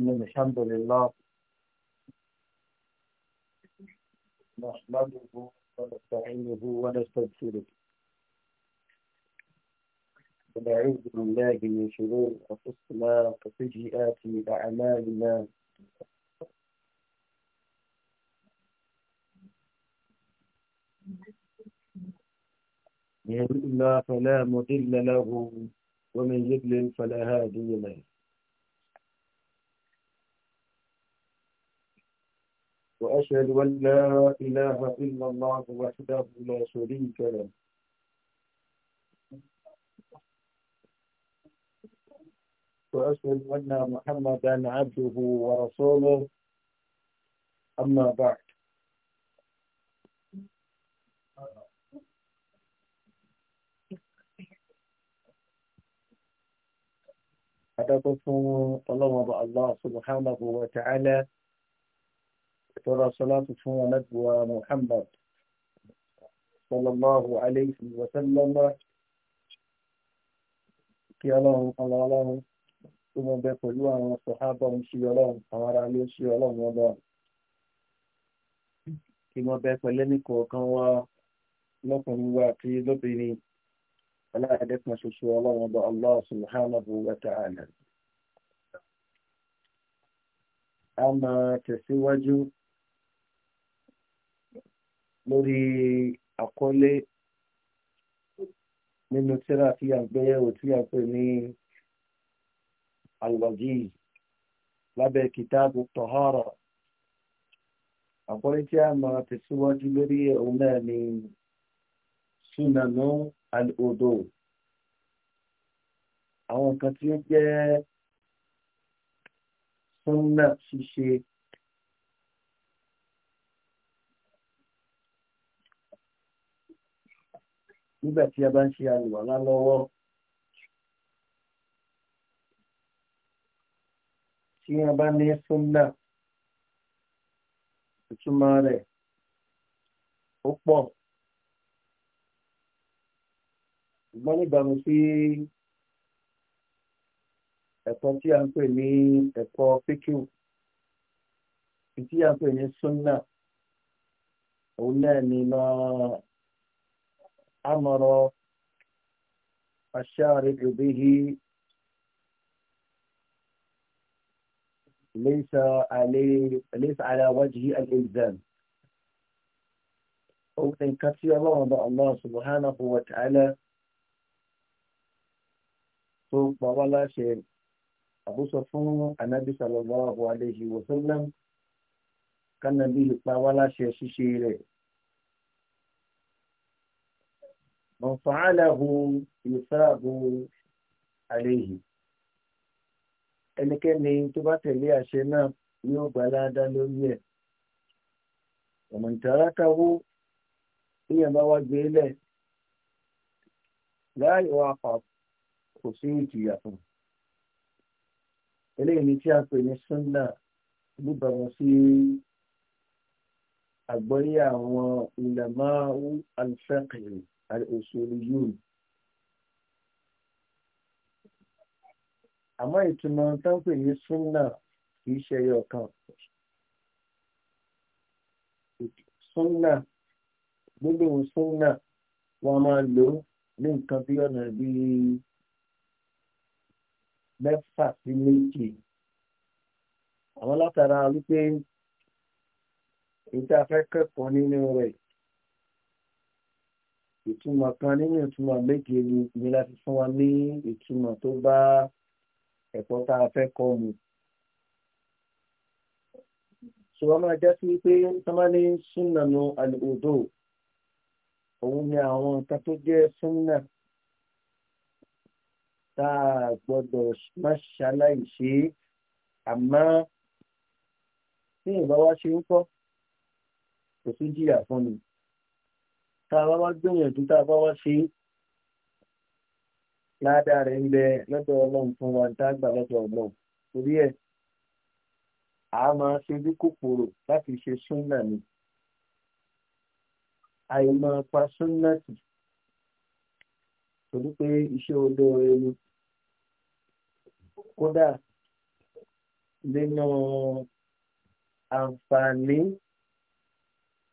الحمد لله نحمده ونستعينه ونستغفره ونعوذ بالله من شرور انفسنا وسيئات اعمالنا من يهد الله فلا مضل له ومن يضلل فلا هادي له وأشهد أن لا إله إلا الله وحده لا شريك له وأشهد أن محمدا عبده ورسوله أما بعد adákọ́ fún ọlọ́run ọba allah subhanahu wa ta'ala tọrọ sọlátù fún ọlọ́dúnwà muhammad sallallahu alayhi wa sallam kí ọlọ́run ọlọ́run tó mọ bẹ pẹ̀lú àwọn sọ̀hábà ń ọlọ́run àwọn ará ló ṣe ọlọ́run ọba kí mọ bẹ pẹ̀lú kọ̀ọ̀kan wa lọ́kùnrin wa àti lóbìnrin فلا عدتنا في سوى الله الله سبحانه وتعالى أما تسواج لوري أقول من ترى في أبي وفي أبني الوجيز لابا كتاب الطهارة أقول أما تسواج لوري أمامي سنة نوم al-odo àwọn nǹkan tí ó jẹ́ súnà ṣíṣe nígbà tí a bá ń ṣe àlùwàlá lọ́wọ́ tí a bá ní súnà ìtumọ̀ rẹ̀ ó pọ̀. ṣùgbọ́n níbàámu sí ẹ̀kọ́ tí a ń pè ní ẹ̀kọ́ fíkìw tí a ń pè ní súnà òun náà ni máa amọ̀rọ̀ aṣááre ìbíhí ليس عليه ليس على وجه الإلزام أو إن كثير الله سبحانه وتعالى tó pa wá láṣẹ àbúsọ fún anabi sallallahu alayhi wa sallam kánabi pa wá láṣẹ ṣíṣe rẹ̀. من فعله يثاب عليه ẹnikẹ́ni tó bá tẹ̀lé àṣẹ náà yóò gbà ládá lórí ẹ̀ ọ̀mọ̀ntàrákàwó èèyàn bá wá gbé lẹ̀ láàyò àpapọ̀ kò sí ìjìyà fún un eléyìí ni tí a pè ní sunna níbàámu sí àgbọ́yé àwọn ìlàmáwú alifẹ́kìrì al-usuliyun. àmọ́ ìtumọ̀ táǹpì ní sunna kì í ṣe ọ̀kan. sunna gbogbo sunna wọn máa lò ní nǹkan bí ọ̀nà bíi mẹ́fà sí méje àwọn látara wípé ìta fẹ́ kẹ́kọ̀ọ́ nínú rẹ̀ ìtumọ̀ kan nínú ìtumọ̀ méje ni láti fún wa ní ìtumọ̀ tó bá ẹ̀kọ́ tá a fẹ́ kọ́ mu. ṣùgbọ́n máa já sí wípé tọ́mọ́lé súnà nu àlùkò òun ni àwọn nǹkan tó jẹ́ súnà tá a gbọ́dọ̀ má ṣaláì ṣe é àmọ́ tí ìbá wá ṣe ń kọ́ kò sí jìyà fún mi tá a bá wá gbìyànjú tá a bá wá ṣe é ládàá rẹ̀ ń bẹ lọ́dọ̀ ọlọ́run fún wa tá a gbà lọ́dọ̀ ọlọ́run torí ẹ̀ a máa ṣe bí kòkòrò láti ṣe súnà ni àìmọ̀ pa súnà tì torí pé iṣẹ́ olóore ni kódà nínú àǹfààní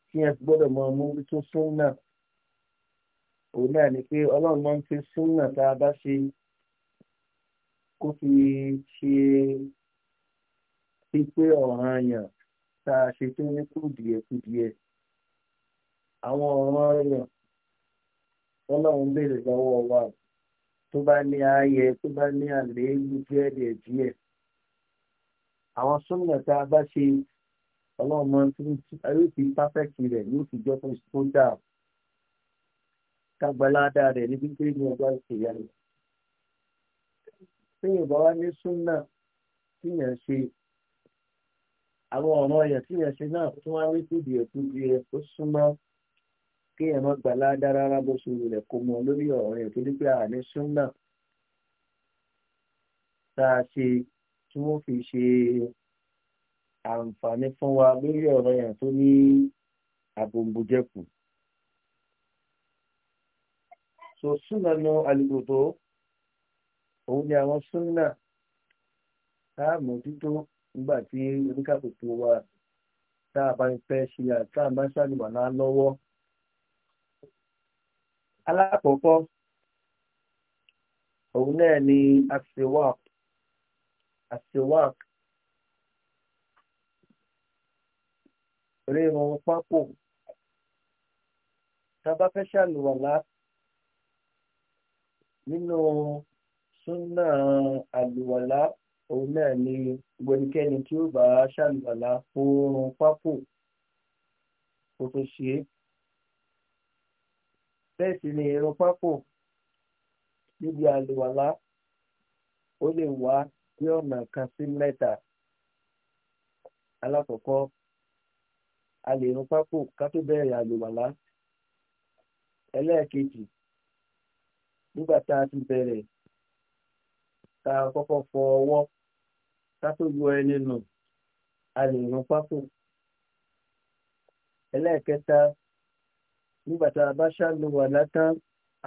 kí ẹ gbọ́dọ̀ mọ mú tó súnà òun náà ni pé ọlọ́run máa ń fi súnà tá a bá ṣe kó fi ṣe pípé ọ̀ràn àyàn tá a ṣe tó ní kùdìẹ̀kùdìẹ̀ àwọn ọ̀ràn àyàn ọlọ́run béèrè lọ́wọ́ wa. tó bá ní ààyè tó bá ní àléébù díẹ̀ díẹ̀ díẹ̀ àwọn súnmọ̀ tá a bá ṣe ọlọ́mọ yóò fi pápẹ́kì rẹ̀ yóò fi jọ fún ní ní ọjọ́ ìṣèyá rẹ bá wá ní súnmọ̀ tíyàn ṣe àwọn ọ̀ràn ẹ̀yàn tíyàn ṣe náà wá kéèyàn má gbà ládá rárá bó ṣe rẹ̀ kó mọ lórí ọ̀rọ̀ yẹn torí pé àní súnà tá a ṣe tí wọ́n fi ṣe àǹfààní fún wa lórí ọ̀rọ̀ yẹn tó ní àbòǹbòjẹkù. so súnà nu àlùkòtò òun ni àwọn súnà tá a mójútó nígbà tí oníkàkùkù wa tá a bá ń fẹ́ ṣe àti náà lọ́wọ́ alákọ̀ọ́kọ́ òun náà ni asiwak asiwak rírun pákó tá a bá fẹ́ ṣàlùwàlá nínú súnà àlùwàlá òun náà ni gbẹnikẹ́ni tí ó bá ṣàlùwàlá fún pákó kó tó ṣe é. bẹ́ẹ̀ sì ni ìrun pápò níbi àlùwàlá ó lè wá bí a lè run pápò ká tó bẹ̀rẹ̀ àlùwàlá ẹlẹ́ẹ̀kejì nígbà a ti fọ ọwọ́ ká tó yọ ẹni a lè pápò nígbà tá a bá ṣàlùwà látàn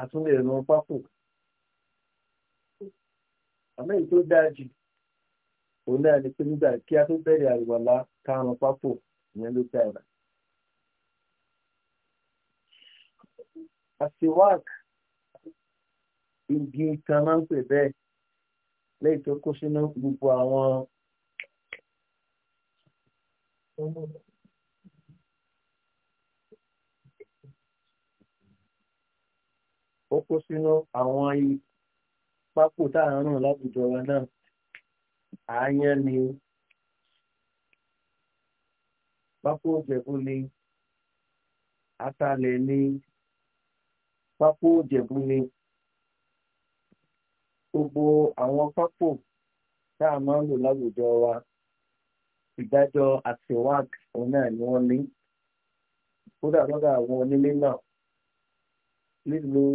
àtúnlẹ̀ ìran pápò àmọ́ èyí tó dáa jù òun náà ni pé nígbà kí a tó bẹ̀rẹ̀ àlùwàlá karùn-ún pápò ìyẹn ló dára. asiwak igi kan máa ń pè bẹ́ẹ̀ lẹ́yìn tó kó sínú gbogbo àwọn ó kó sínú àwọn pápó tá à ń ràn láwùjọ wa náà àáyán ni pápó òjẹ̀bú ni atalẹ̀ ni pápó òjẹ̀bú ni gbogbo àwọn pápó tá a máa ń lò láwùjọ wa ìdájọ́ àtiwák òun náà ni wọ́n ní kódà lọ́dọ̀ àwọn onílé náà lílo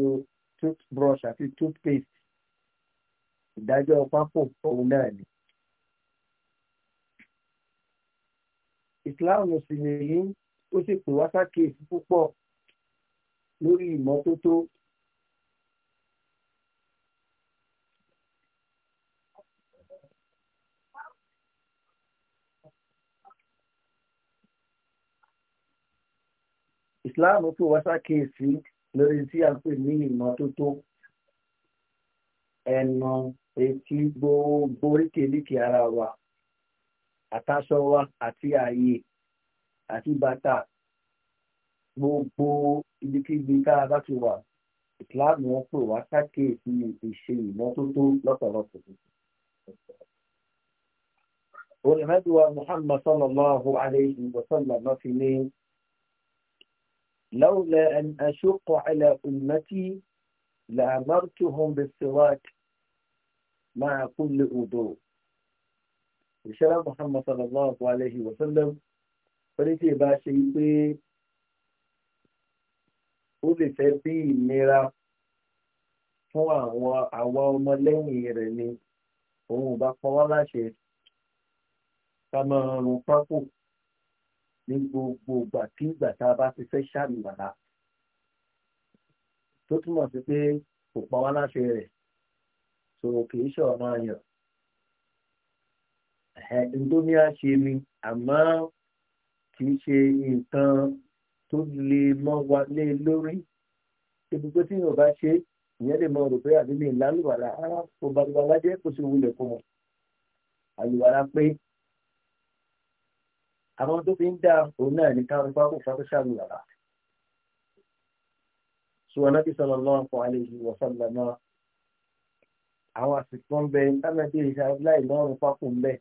toothbrush àti toothpaste ìdájọ́ pápò òun náà ni. Islam sì nìyí ó sì pè wá sákèésí púpọ̀ lórí ìmọ́tótó. Islam tó wá sákèésí lórí tí a pè ní ìmọ́tótó ẹnu etí gbogbo oríkèéríkèé ara wa àtàṣọ wa àti ààyè àti bàtà gbogbo ibikíbi tá a bá ti wà ìsìláàmù wọn pè wá sákèésí ìṣe ìmọ́tótó lọ́pọ̀lọpọ̀. olùmẹ́dùwà Muhammad sallallahu alayhi wa sallam náà fi ní. لولا أن أشق على أمتي لأمرتهم بالسواك مع كل وضوء ìṣẹ́lá Muhammad sallallahu alayhi wa sallam orí tí ìbá ṣe pé ó lè fẹ́ bí ìnira fún àwọn àwọn ọmọlẹ́yìn rẹ̀ ni òun bá pọ́n láṣẹ ká máa ní gbogbo ìgbà kí ìgbà tá a bá ti fẹ́ ṣàmì wàrà tó túmọ̀ sí pé kò pa wá láṣẹ rẹ̀ so kì í ṣọ̀rọ̀ ayàn ndomi a ṣe ni àmọ́ kì í ṣe nǹkan tó lè mọ́ wa lé lórí ibùgbé tí yóò bá ṣe ìyẹn lè mọ rò àbí mi ìlàlùwàlà ara kò bá ti wà kó sì wulẹ̀ fún wọn àlùwàlà pé àwọn tó fi ń dá òun náà ní káwọn bá kó fàkóṣà ní ọ̀la. sùwọ́n náà ti sọ̀rọ̀ lọ́wọ́ fún àlejò wọ̀sán lọ́nà àwọn àsìkò ń bẹ táwọn ẹbí ìṣe láì ń bẹ.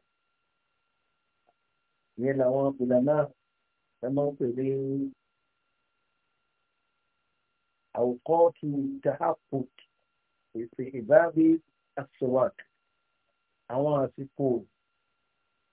ìyẹn làwọn ìlà náà ẹ máa ń pè ní àwòkọ́ọ̀tù tahapuk ìsìn ìbáàbí aswak àwọn àsìkò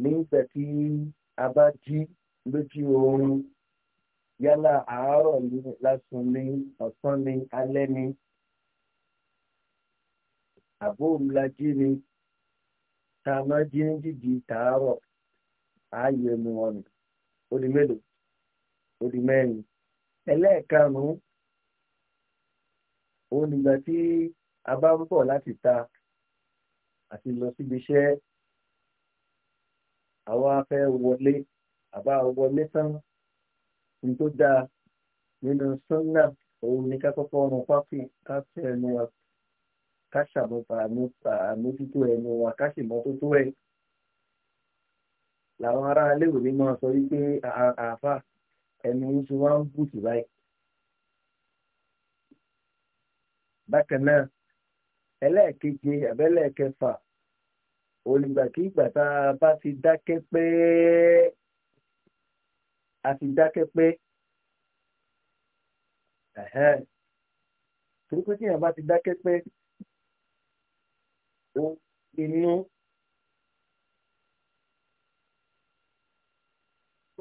nígbà tí a bá jí lójú oorun yálà àárọ̀ ni lásán ni ọ̀sán ni alẹ́ ni àbóhùnlájí ni tá a máa jí ní jìjì tààrọ̀ ààyè ẹnu ọ̀nà ó di mélòó ó di mẹ́rin ẹlẹ́ẹ̀karùn-ún òun nígbà tí a bá ń bọ̀ láti ta àti lọ síbi iṣẹ́ àwa fẹ́ wọlé àbá wọlé tán ní tó dáa nínú sọ́nà òun ni ká kọ́kọ́ ọrùn pápí ká tẹ ẹnu wa ká ṣàmúpa àmójútó ẹnu wa ká sì mọ́tótó ẹ̀ làwọn ará iléèwé mi máa sọ wípé àáfà ẹnu ń ti wá ń bùtù báyìí. bákan náà ẹlẹ́ẹ̀keje àbẹ́lẹ́ẹ̀kẹfà olùgbàkigbà tá a bá ti dákẹ́ pé a ti dákẹ́ pé torí pé tíyàn bá ti dákẹ́ pé inú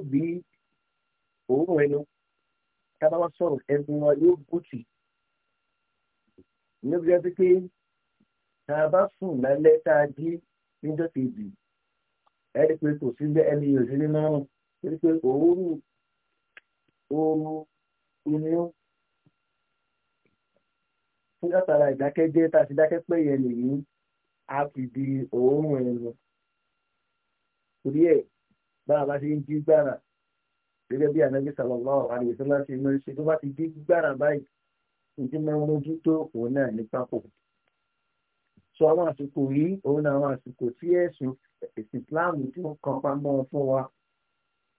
bí òórùn ẹnu tá a bá wá sọ̀rọ̀ ẹnu wa yóò gùtì níbi ẹbí pé tá a bá sùn lálẹ́ tá a jí níjọ́ kejì ẹni pé kò sí bẹ́ẹ̀ ẹni yóò sí ní márùn ẹni pé òórùn ooru inú fún látara ìdákẹ́jẹ́ tá a ti dákẹ́ pé yẹn nìyí a fi di òórùn ẹnu torí ẹ̀ báwa bá ṣe ń jí gbàrà gẹ́gẹ́ bí ànágbé sallallahu alaihi wasallam ṣe mọ́ ṣe tó bá ti jí gbàrà báyìí ìdí máa ń mójútó òun náà ní pápọ̀ so àwọn àsìkò yìí òun náà àwọn àsìkò tí ẹ̀sùn ìsìláàmù tí wọ́n kan pamọ́ fún wa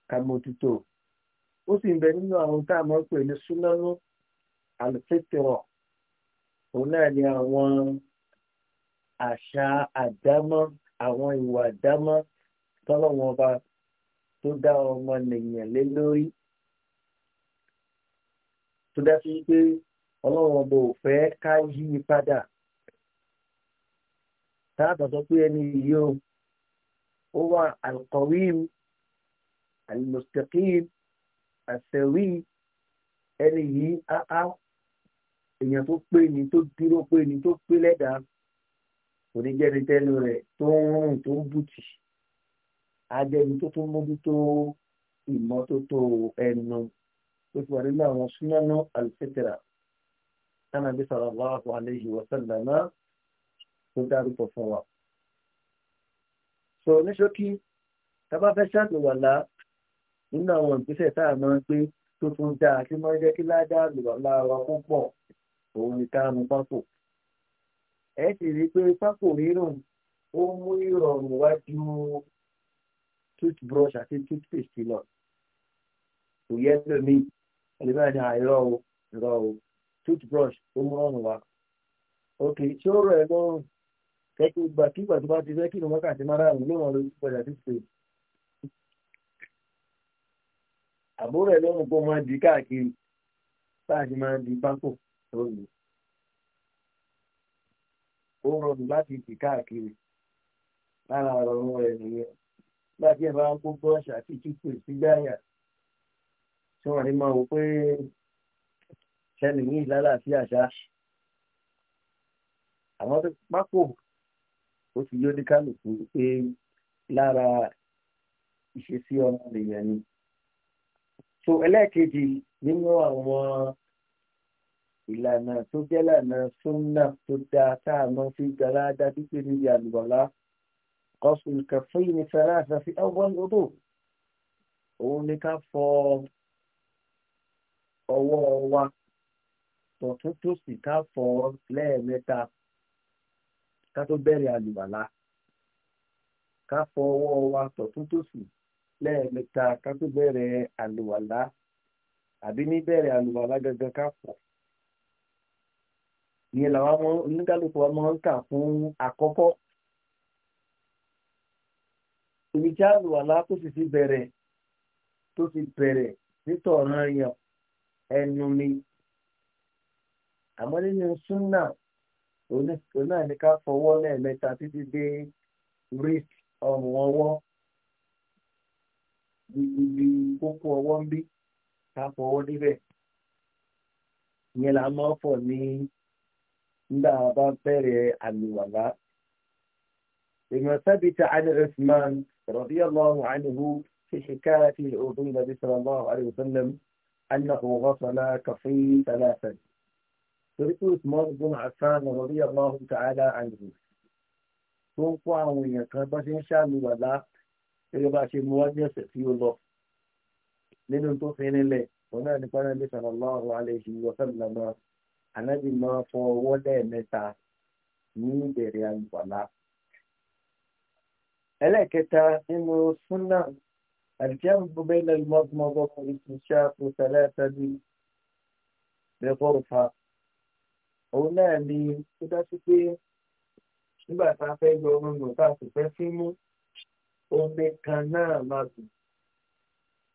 ká mójútó ó sì ń bẹ nínú àwọn tá a mọ̀ pé ní súnánú àlùfẹ́tẹ̀rọ̀ òun náà ni àwọn àṣà àdámọ́ àwọn ìwà àdámọ́ tọ́lọ́wọ́n ọba tó dá ọmọ nìyẹn lé lórí tó dá sí pé ọlọ́wọ́n ọba ò fẹ́ ká yí padà táàbà sọ pé ẹni yìí o ó wà alqawim almustaqim àṣẹwí ẹni yìí áá èèyàn tó pé ni tó dúró pé ni tó pé lẹ́dàá kò ní jẹ́ni tẹ́nu tó ń rùn tó ń bùtì ajẹni tó tún mójútó ìmọ́tótó ẹnu tó fi wà nínú àwọn súnmọ́nà alfitra tánàbí sallallahu alayhi wa sallam náà tó dárúkọ fún wa. So ní ṣókí tá bá fẹ́ nínú àwọn ìgbésẹ̀ tá a máa ń gbé tó tún dáa tí máa ń jẹ́ kí ládàá àlùwàlá wa púpọ̀ òun ni ká mú pákó. ẹ sì rí i pé pákó rírùn ó mú ìrọ̀rùn wá ju toothbrush àti toothpaste lọ kò yẹ lómi ẹlẹ́bàá ni àìrọ̀ o ìrọ̀ o toothbrush ó mú ọ̀rùn wá. òkè tí ó rọ̀ ẹ́ lọ́rùn tẹ́kí gbà kí ìgbà tó bá ti fẹ́ kí ìlúmọ́kà àti márààrún ló rán lórí padà sí pé àbúrò ẹ̀ lọ́rùn kó máa di káàkiri táàkì máa di pákó lónìí ó rọrùn láti tì káàkiri lára ọ̀rọ̀ rẹ̀ nìyẹn nígbà tí ẹ bá ń kó bọ́ọ̀ṣì àti kíkù sígbáyà tí wọ́n ní máa wò pé sẹ́ni ní ìlàlàáfíà ṣáà àwọn tó pákó ó ti yó ní kálukú pé lára ìṣesí ọmọ nìyẹn ni. so ẹlẹ́ẹ̀kejì nínú àwọn ìlànà tó jẹ́ lànà súnà tó dáa tá a mọ̀ sí gbàládá pípé níbi àlùbọ̀lá kọ́sùn kẹfún ní fẹ́rẹ́ àṣàfi ọgbọ́n odò òun ni ká fọ ọwọ́ wa tọ̀tún tòsì ká fọ lẹ́ẹ̀mẹ́ta ká tó bẹ̀rẹ̀ àlùbàlà ká fọ ọwọ́ wa tọ̀tún tòsì lẹ́ẹ̀mẹ́ta ká tó bẹ̀rẹ̀ àlùwàlà àbí níbẹ̀rẹ̀ àlùwàlà gangan ká fọ̀ ìyẹn làwọn oníkálùkù wa máa ń kà fún àkọ́kọ́ ibi tí àlùwàlà tó sì ti bẹ̀rẹ̀ tó ti bẹ̀rẹ̀ nítọ̀ràn ẹnu ni àmọ́ nínú súnà òun náà ní ká fọwọ́ lẹ́ẹ̀mẹ́ta títí dé wrist ọrùn ọwọ́ ibi kókó ọwọ́ ń bí ká fọwọ́ níbẹ̀ ìyẹn là máa ń fọ̀ ní nígbà bá bẹ̀rẹ̀ àlùwàlá. لما ثبت عن عثمان رضي الله عنه في حكاية الأردن النبي صلى الله عليه وسلم أنه غسل كفيه ثلاثا torí pé Usman bin Affan radiyallahu ta'ala anhu tó ń kó àwọn èèyàn kan bá ṣe ń ṣàlùwàlá gẹ́gẹ́ bá ṣe mú wájú ẹ̀sẹ̀ tí ó lọ nínú tó fi nílẹ̀ òun náà nípa náà sallallahu alayhi wa sallam ànábì máa fọ ọwọ́ lẹ́ẹ̀mẹ́ta ní ìbẹ̀rẹ̀ àlùwàlá. ẹlẹ́ẹ̀kẹta nínú súnà àdìjáàmù gbogbo ilẹ̀ ìmọ̀gbọ̀n ọgbọ̀n kò òun náà ni tó dájú pé nígbà tá a fẹ́ yọ ohun lò tá a sì fẹ́ fín mú omi kan náà máa dùn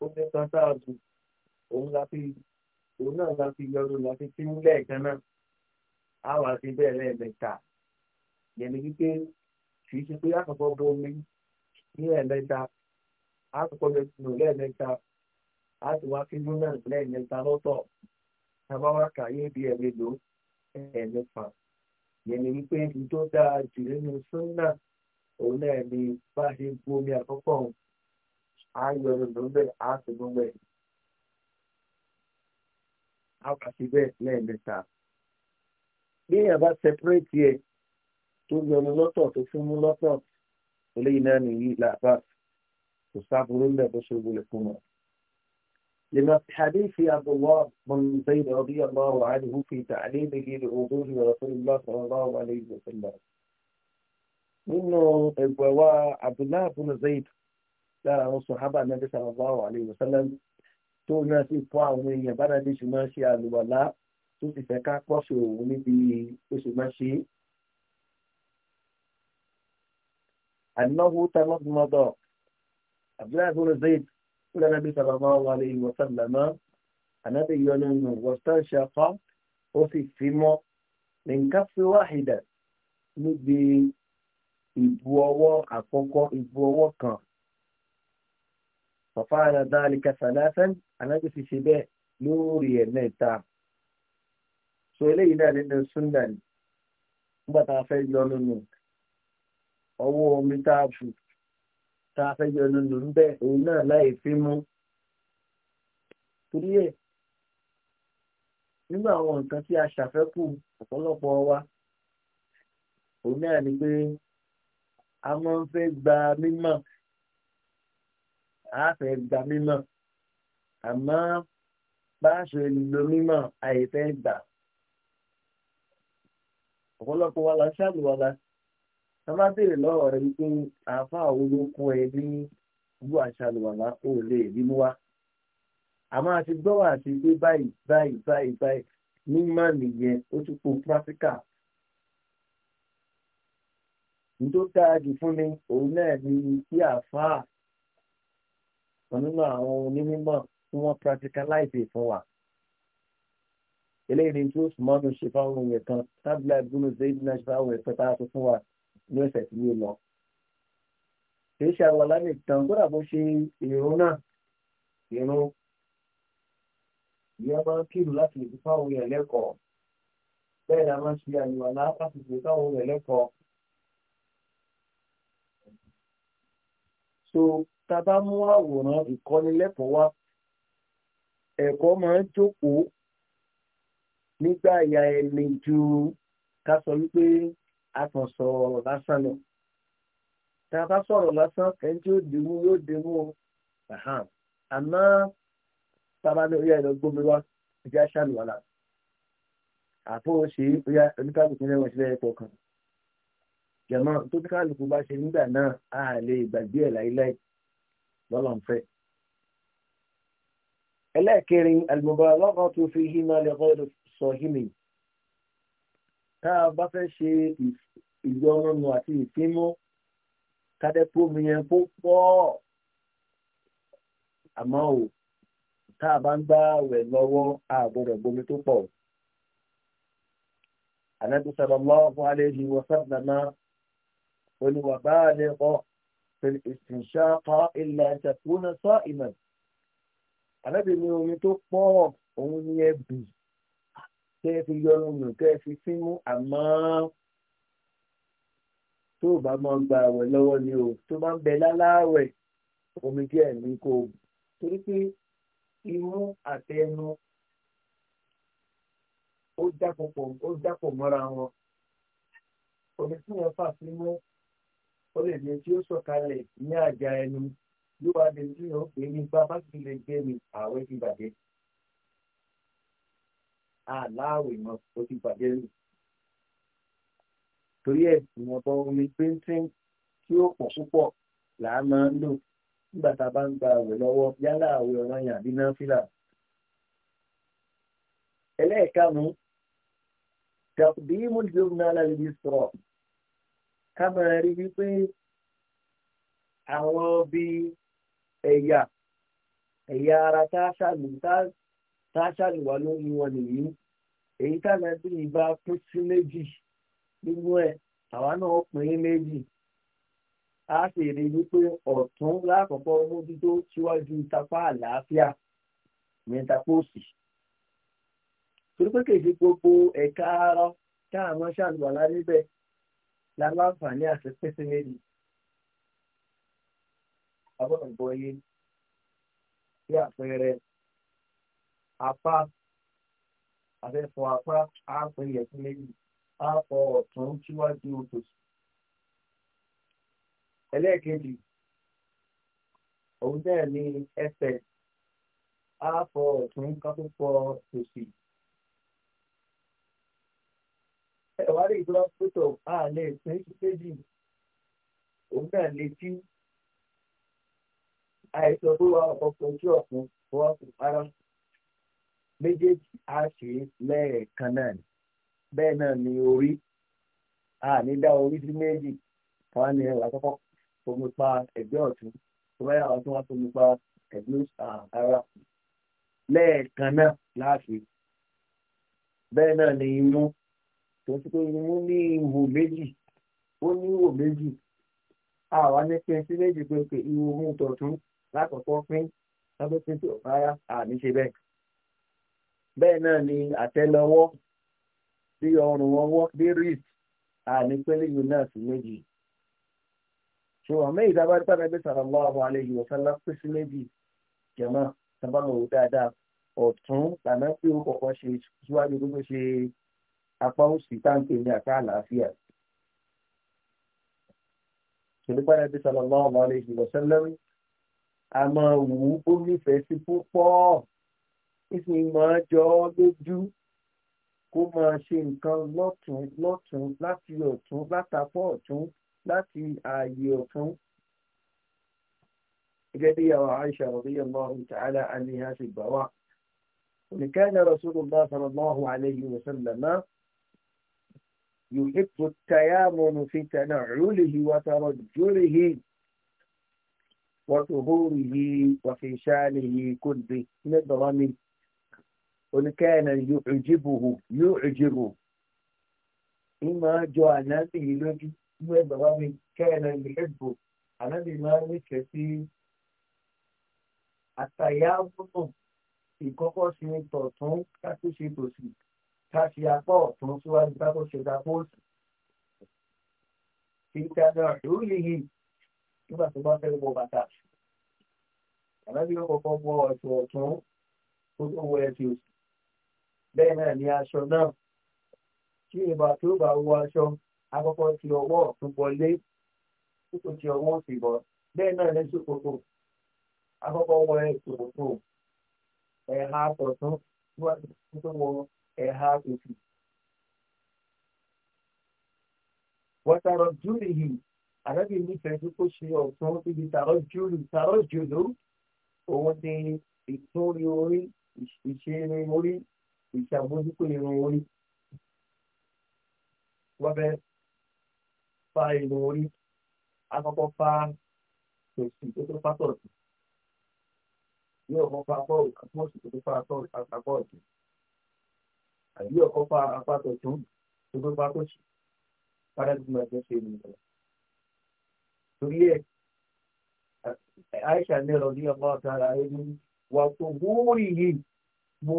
omi kan tá a dùn òun la fi òun náà la fi yọ ohun la fi fín mú lẹ́ẹ̀kan náà á wà sí bẹ́ẹ̀ lẹ́ẹ̀mẹ́ta yẹn ni wípé kì ṣe pé àkọ́kọ́ bọ omi ní ẹ̀ẹ̀mẹ́ta àkọ́kọ́ yọ ohun lẹ́ẹ̀mẹ́ta á ti wá fín mú náà lẹ́ẹ̀mẹ́ta lọ́tọ̀ tá a bá wá kà yé bí ẹ̀mí ẹ̀ẹ̀mẹ́fà yẹn ni wípé ibi tó dáa jù nínú súnà òun náà ni bá a ṣe gbómi àkọ́kọ́ òun á yọ ọdún tó ń bẹ̀ á sì gbọ́n bẹ̀ á kà sí bẹ́ẹ̀ lẹ́ẹ̀mẹ́ta bí èèyàn bá sẹpẹ́rẹ́tì ẹ̀ tó yọnu lọ́tọ̀ tó fún mú lọ́tọ̀ eléyìí náà nìyí làbá kò sáfúrú ń bẹ̀ bó ṣe wulẹ̀ fún wọn. لما في حديث عبد الله بن زيد رضي الله عنه في تعليمه لوضوء رسول الله صلى الله عليه وسلم منه إبواء عبد الله بن زيد لا صحابة النبي صلى الله عليه وسلم tó náà sì fún àwọn èèyàn bára bí ṣe máa ṣe àlùwàlá tó sì fẹ́ ká pọ̀ṣù òun níbi tó ṣe nígbà náà bí sàbàmà wà lè wọ sàlámà ànábì yọnu nù wọ́sán ṣàfà ó sì fi mọ́ nǹkan fi wáhìdà níbi ìbu ọwọ́ àkọ́kọ́ ìbu ọwọ́ kan fàfà àdáàlì kàtàlásán ànábì sì ṣe bẹ́ẹ̀ lórí ẹ̀ mẹ́ta so eléyìí náà nínú sundan nígbà tá a fẹ́ yọnu nù ọwọ́ omi tá a fẹ́ yọ ẹnu lò ń bẹ́ẹ̀ òun náà láì fi mú. torí ẹ̀ nínú àwọn nǹkan tí a ṣàfẹ́kù ọ̀pọ̀lọpọ̀ wa òun náà ni pé a máa ń fẹ́ gba mímọ̀ a fẹ́ gba mímọ̀ àmọ́ bá a ṣe lo mímọ̀ àìfẹ́ gbà ọ̀pọ̀lọpọ̀ wa la ṣàlùwàlà tá a bá béèrè lọ́wọ́ rẹ wípé àáfà wo ló kún ẹ ní irú àṣàlùwàlá ó lè rí mú wá àmọ́ àti gbọ́wọ́ àti pé báyìí báyìí báyìí báyìí mímọ́ nìyẹn ó tún kó pírátíkà tó dáa jù fún mi òun náà ni kí àáfàá kan nínú àwọn onímọ̀ tí wọ́n practicalize fún wa eléyìí ni tí ó sì mọ́nu ṣe fáwọn èèyàn kan tábìlì àgbónú zayd náà ṣe fáwọn èèyàn kan tá a sọ fún wa ní ọ̀sẹ̀ tí yóò lọ. kìí ṣe àwọn aláàbẹ̀ tán kódà bó ṣe ìrún náà ìrún ìyá máa ń kírun láti lè fi fáwọn èèyàn lẹ́kọ̀ọ́ bẹ́ẹ̀ ni a máa ń ṣe àyùwà láti lè fáwọn èèyàn lẹ́kọ̀ọ́. so ta bá mú àwòrán ìkọ́nilẹ́kọ̀ọ́ wá ẹ̀kọ́ máa ń jókòó nígbà ìyá ẹni ju ká sọ wípé a kàn sọ ọ̀rọ̀ lásán lọ tá a bá sọ̀rọ̀ lásán ẹni tí ó dìmú yóò dìmú o àmọ́ bàbá ní orí ẹ̀rọ gbómi wá ìjà ṣàlùwàlà àpò ṣe orí oníkàlùkù ní ẹ̀wọ̀n sílẹ̀ ẹ̀pọ̀ kan jẹ̀mọ́ tó ní kàlùkù bá ṣe nígbà náà a lè gbàgbé ẹ̀ láíláí lọ́lọ́nfẹ́. ẹlẹ́ẹ̀kẹrin àlùmọ̀bà lọ́kàn tó fi hí ìyọnu àti ìfimú kádẹ́pọ̀ mi yẹn kó pọ̀ àmọ́ ò tá a bá ń gbá rẹ̀ lọ́wọ́ àgbọ̀dọ̀ gbomi tó pọ̀ ànábi sallallahu alayhi wa sallam oníwà bá a lè kọ́ pẹ̀lú istinshaq illa an takuna sa'iman ànábi ní omi tó pọ̀ òun ni ẹ bì kẹ́ ẹ fi fímú àmọ́ tó o bá máa gba àwẹ̀ lọ́wọ́ ni o tó bá ń bẹ láláàwẹ̀ omi díẹ̀ ní kò torí pé imú àtẹnu ó dápọ̀ mọ́ra wọn omi tí wọ́n fà sí mú ó lè ní tí ó sọ̀kalẹ̀ ní àjà ẹnu ló wà lè ní ó pè ní bá bá sì lè gbé mi àwẹ̀ ti bàjẹ́ àláwẹ̀ mọ́ ó ti bàjẹ́ nù torí ẹ̀ ìwọ̀nba omi pínpín tí ó pọ̀ púpọ̀ là á máa ń lò nígbà tá a bá ń gba àwẹ̀ lọ́wọ́ yálà àwẹ̀ ọ̀ràn yàn àbí náfìlà. ẹlẹ́ẹ̀karùn-ún tàbíìmù jùmọ̀ aláìlú sọ̀rọ̀ ká máa rí wípé àwọn bíi ẹ̀yà ẹ̀yà ara tá a ṣàlùwà lórí wọn nìyí èyí tá a máa bí ibà pín sí méjì gbogbo ẹ̀ àwa náà pín in méjì a sì rí i wípé ọ̀tún lákọ̀ọ́kọ́ mójútó síwájú tapá àlàáfíà ní tapóòsì torí pé kèsì gbogbo ẹ̀ka ara tá a máa ṣàlùwàlá níbẹ̀ la láǹfààní àti pẹ́sẹ́ méjì agbọ́dọ̀ gbọ́ yé bí àpẹẹrẹ apá afẹ́fọ́ apá àpẹẹrẹ sí méjì àpọ̀ ọ̀tún síwájú òtòsí. ẹlẹ́ẹ̀kejì òun náà ni ẹsẹ̀ àpọ̀ ọ̀tún kápúpọ̀ òtòsí. ẹ̀wárí ìjọba pẹ̀tọ̀ àlẹ́ ìpín kejì òun náà lè tí àìsàn tó wà ọkọ̀ ojú ọ̀fun wọ́n kò para méjèèjì á ṣe lẹ́ẹ̀kan náà ni bẹ́ẹ̀ náà ni orí a ní dá orí sí méjì wọn ni ẹwà kọ́kọ́ fomi pa ẹ̀gbẹ́ ọ̀tún tó bá yàrá tó wá fomi pa ẹ̀gbẹ́ ara lẹ́ẹ̀kan náà láàfin bẹ́ẹ̀ náà ni imú tó ti pé imú ní ihò méjì ó ní ihò méjì àwa ní pín sí méjì pé pé ihò mú tọ̀tún lákọ̀ọ́kọ́ pín lábẹ́ pín tó rárá àníṣe bẹ́ẹ̀ bẹ́ẹ̀ náà ni àtẹ́lẹwọ́ bí ọrùn ọwọ́ bí rít ànípẹ́lẹ́ yìí náà sí méjì. ṣùgbọ́n mẹ́yìí tá a bá rí pàdé bí sallallahu alayhi wa sallam pé sí méjì jẹ̀mọ́ sábàlù dáadáa ọ̀tún lànà pé ó kọ̀ọ̀kan ṣe síwájú gbogbo ṣe apá òsì táǹkì ní àká àlàáfíà. ṣèlúpàá nàbí sallallahu alayhi wa sallam a máa wù ú ó nífẹ̀ẹ́ sí púpọ̀ nísìnyí kó máa ṣe nǹkan lọ́tún lọ́tún láti ọ̀tún látàpọ̀ ọ̀tún láti ààyè ọ̀tún. gẹ́gẹ́ bí àwọn Aisha radiyallahu ta'ala anha ṣe gbà wá. oníkẹ́ni Rasulullah sallallahu alayhi wa sallam يحب التيامن في تنعله وترجله وظهوره وفي شانه كله نظرا منه oníkẹ́ẹ̀nà yóò ìjìbò ìmọ̀ jọ ànábì yìí lójú inú ẹ̀ bàbá mi kẹ́ẹ̀nà ìhẹ́bò ànábì máa ń nífẹ̀ẹ́ sí àtàyáwòrán ìkọ́kọ́ ṣe tọ̀tún kátó ṣe tòsí ká ṣe apá ọ̀tún síwájú kátó ṣe dápóòsì. ìtàdà yìí nígbà tó bá fẹ́ wọ bàtà ànábì yóò kọ́kọ́ wọ ọ̀tún ọ̀tún tó tó wọ ẹ̀sìn òsì bẹ́ẹ̀ náà ni aṣọ náà tí ìbá tó bá wọ aṣọ akọ́kọ́ ti ọwọ́ ọ̀tún wọlé kókò ti ọwọ́ òsì bọ̀ bẹ́ẹ̀ náà ní ṣòkòtò akọ́kọ́ wọ ṣòkòtò ẹ̀ha tọ̀tún tó wọ ẹ̀ha òsì. wọ́tàrọ̀ júrì yìí àdábì nífẹ̀ẹ́ tó kó ṣe ọ̀tún ibi tàrọ̀ júrì tàrọ̀ jùlọ òun ni ìtúrí orí ìṣeré orí ìṣàbójúkú irun orí wọ́n fẹ́ fa irun orí akọ́kọ́ fa tòsí tó tó fa tọ̀tù yóò kọ́ fa bọ́ọ̀lù àpọ̀sù tó tó fa àpọ̀tù àbí yóò kọ́ fa apátọ̀ tó tó tó fa tòsí padà tó máa jẹ́ ṣe nìyẹn. torí ẹ̀ Aisha ní ọ̀rọ̀ ní ọmọ ọ̀tá ara ẹni wà tó wúrí yìí mo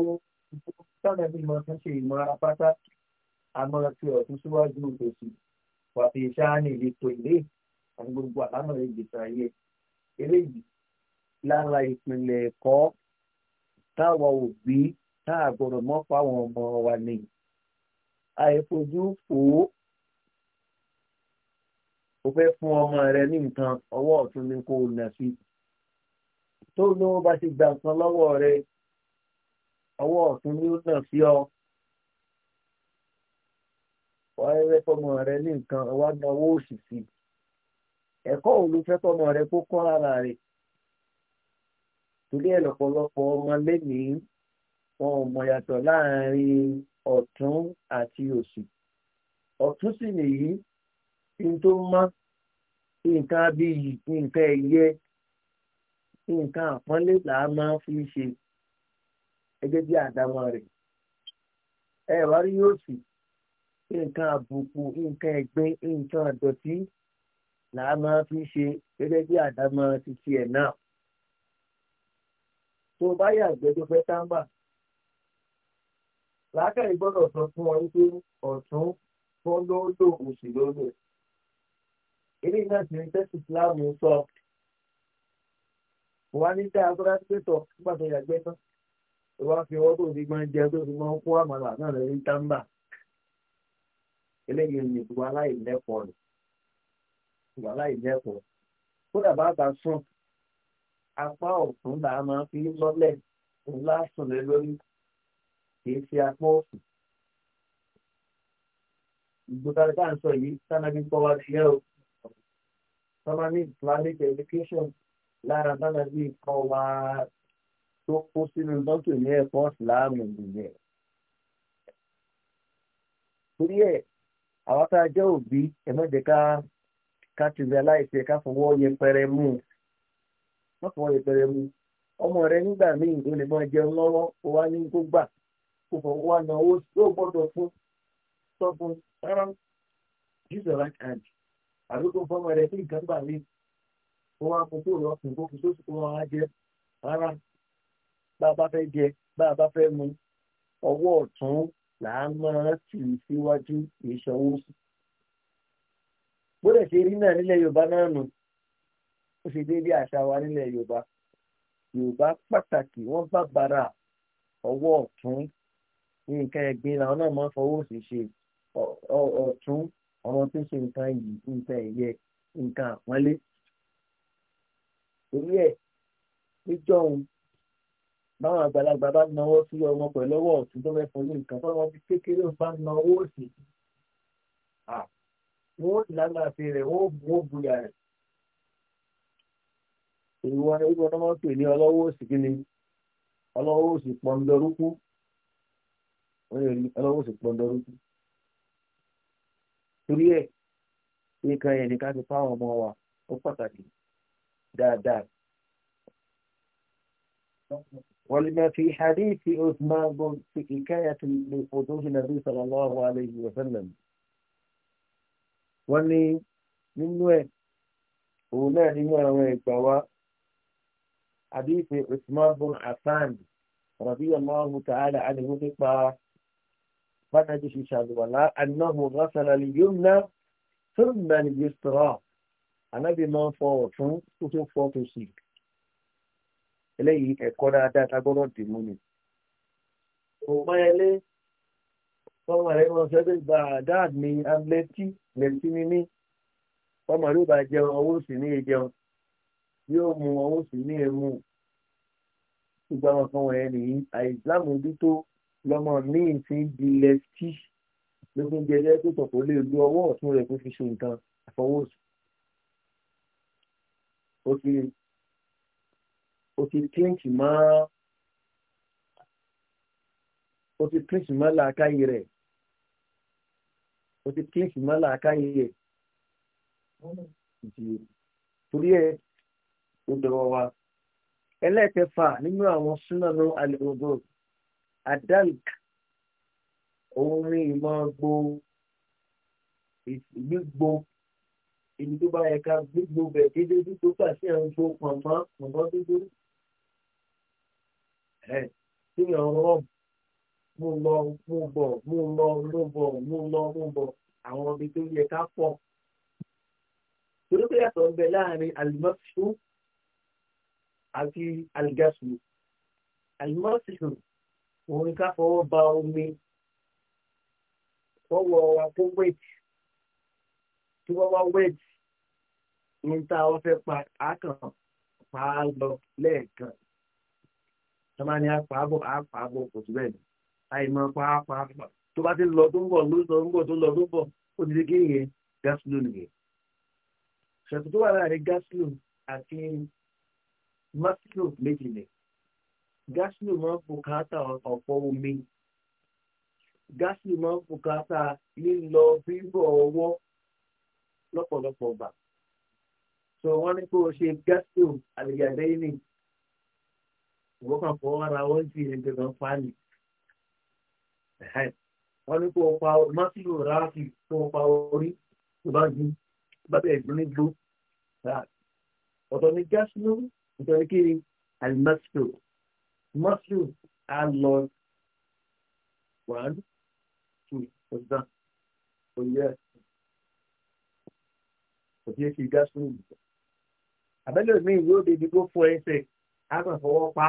sáwọn ẹbí mọ tó ń ṣe ìmọ̀ra pátá amọ̀ra tí ọ̀tún síwájú òtòṣì wàfi sáánì ìletò ilé àti gbogbo àlámọ̀ ìgbésí ayé eléyìí lára ìpìlẹ̀ ẹ̀kọ́ táwọn òbí tá a mọ́ fáwọn ọmọ wa ni àìfojú fò ó o fẹ́ fún ọmọ rẹ ní nǹkan ọwọ́ ọ̀tún ni kò nà sí tó lówó bá ti gbà nǹkan lọ́wọ́ rẹ ọwọ́ ọ̀tún ni ó nà sí ọ wàá rẹ fọmọ rẹ ní nǹkan wàá na owó òsì sí ẹ̀kọ́ òun ló fẹ́ fọmọ rẹ kó kọ́ ara rẹ̀ torí ẹ̀ lọ́pọ̀lọpọ̀ ọmọ lẹ́nìí wọn ò mọ̀ yàtọ̀ láàrin ọ̀tún àti òsì ọ̀tún sì nìyí n tó mọ́ nǹkan abiyì nǹkan ẹ̀yẹ nǹkan àpọ́nlé làá máa fi ṣe gẹ́gẹ́ bí àdámọ́ rẹ̀ ẹ wá rí yóò sì nǹkan àbùkù nǹkan ẹ̀gbin nǹkan àdọ̀tí làá máa fi ṣe gẹ́gẹ́ bí àdámọ́ títí ẹ̀ náà tó bá yàgbẹ́ tó fẹ́ tábà làákàyè gbọ́dọ̀ sọ fún ọ ọ̀tún òsì náà tẹ́sí sọ ní tó bá fi ọwọ́ tó fi máa jẹ tó fi máa kó àmàlà náà lórí tábà eléyìí ni ìwà aláìlẹ́kọ̀ọ́ rẹ̀ ìwà aláìlẹ́kọ̀ọ́ kódà bá ta sùn apá ọ̀tún là á máa fi lọ́lẹ̀ òun lásùn lé lórí kì í ṣe apá òsùn ìgbòtàrí tá à ń sọ yìí sanabi kọ́ wa ṣe o sọ́mà Islamic education lára sanabi kọ́ wa tó kó sínú dọ́kítà ní ẹ̀kọ́ ìsìláàmù nìyẹn. torí ẹ̀ àwọn tá a jẹ́ òbí ẹ̀mẹ́jẹ̀ ká ká ti rí aláìsẹ̀ ká fọwọ́ yẹpẹrẹ mú wọ́n fọwọ́ yẹpẹrẹ mú ọmọ rẹ nígbà míì ó lè máa jẹun lọ́wọ́ ó wá ní kó gbà kó fọwọ́ wá náà ó tó gbọ́dọ̀ fún sọ rárá use your right hand àbí fọmọ rẹ sí ìgbàgbà mi ó wá fún tó lọ kó fi tó kó wọn á jẹ rárá bá a bá fẹ́ jẹ bá bá fẹ́ mu ọwọ́ ọ̀tún là á máa tì í síwájú ìṣọwọ́ sí. bódẹ̀ ṣe rí náà nílẹ̀ yorùbá náà nù ó ṣe déédéé àṣà wa nílẹ̀ yorùbá yorùbá pàtàkì wọ́n bá bàrà ọwọ́ ọ̀tún nǹkan ẹ̀gbin làwọn náà máa fọwọ́ sí ṣe ọ̀tún ọmọ tó ṣe nǹkan yìí nǹkan ẹ̀yẹ nǹkan àpọ́nlé. torí ẹ̀ níjọ́ òun báwọn àgbàlagbà bá náwó sí ọmọ pẹ̀lú ọwọ́ ọ̀tún tó mẹ́fọ́ ní nǹkan tó wọn fi kékeré bá náwó sí wọn ó sì lágbára sí rẹ̀ wọn ó bu ó rẹ̀ ìwọ ni orúkọ tó máa ń pè ní ọlọ́wọ́ òsì kíni ọlọ́wọ́ òsì pọ́ńdọ́rúkú ọlọ́wọ́ òsì pọ́ńdọ́rúkú torí ẹ̀ nǹkan yẹn nìkan ti fáwọn ọmọ wa ó pàtàkì dáadáa. ولما في حديث عثمان في حكاية من النبي صلى الله عليه وسلم واني من وين هنا لما وين كوا حديث عثمان بن عفان رضي الله تعالى عنه نقبع فنجش إن شاء الله أنه غسل اليمنى ثم اليسرى أنا بما فوتون كتب فوتو سيك eléyìí ẹ̀kọ́ dáadáa ta gbọ́dọ̀ dì mú ni. òmọ ẹlẹ́ fọmọ rẹ wọn sọ pé bàdáàd ni amlẹ́tí lẹ́tí ni mí fọmọ rẹ bá jẹun ọwọ́ sì ní í jẹun yóò mu ọwọ́ sì ní í mu ṣùgbọ́n àwọn kan wọ̀nyẹn nìyí àìsílámù bí lọ́mọ míì ti ń di lẹ́tí lókun jẹjẹ tó tọ̀pọ̀ lè lu ọwọ́ ọ̀tún rẹ̀ kó fi ṣe nǹkan àfọwọ́sùn. ó ti rí i o ti kíǹkì mọ́ o ti kíǹkì mọ́ làákàyè rẹ̀ o ti kíǹkì mọ́ làákàyè rẹ̀ torí ẹ̀ ó dọ̀rọ̀ wa ẹlẹ́ẹ̀kẹfà nínú àwọn súnmọ́nù àlèrògbò adalk òun ní ìmọ̀ gbo gbígbó ibi tó gbígbó bẹ̀ tó bá sí àwọn gbo pọ̀npọ́n pọ̀npọ́n dúdú ẹ̀ tí yàn rọ̀ mo lọ mo bọ̀ mo lọ mo bọ̀ mo lọ mo bọ̀ àwọn ibi tó yẹ ká pọ̀. torí pé yàtọ̀ ń bẹ láàrin alimọ́sù àti aligasù alimọ́sù òun ká fọwọ́ ba omi fọwọ́ wa tó wẹ̀tì tí wọ́n wá wẹ̀tì ní ta wọ́n fẹ́ pa àkàn pa á lọ lẹ́ẹ̀kan tó máa ní apàbọ̀ apàbọ̀ kò sí bẹ́ẹ̀ àìmọ̀ pàápàá tó bá ti lọ tó ń bọ̀ ló sọ ń bọ̀ tó lọ tó ń bọ̀ ó ti di kí nìyẹn gaslo nìyẹn ṣètò tó wà láàrin gaslo àti maslo méjì ni gaslo máa ń bùkátà ọ̀pọ̀ omi gaslo máa ń bùkátà lílọ bíbọ̀ ọwọ́ lọ́pọ̀lọpọ̀ gbà so wọ́n ní kó o ṣe gaslo àlèyàdẹ́yìn nìyẹn wọ́n kàn fọwọ́ ara wọ́n sì ń gbẹ̀gbẹ̀ pa ni. wọ́n ní kó o pa mọ́sílò ráàfì kó o pa orí tó bá ju bá bẹ̀rẹ̀ gbóni gbó. ọ̀tọ̀ ni gásínú nítorí kiri alimọ́sílò mọ́sílò á lọ one two ọ̀sán òye òye kiri gásínú. àbẹ́lẹ̀ mi yóò débi kó fọ ẹsẹ̀ a máa fọwọ́ pa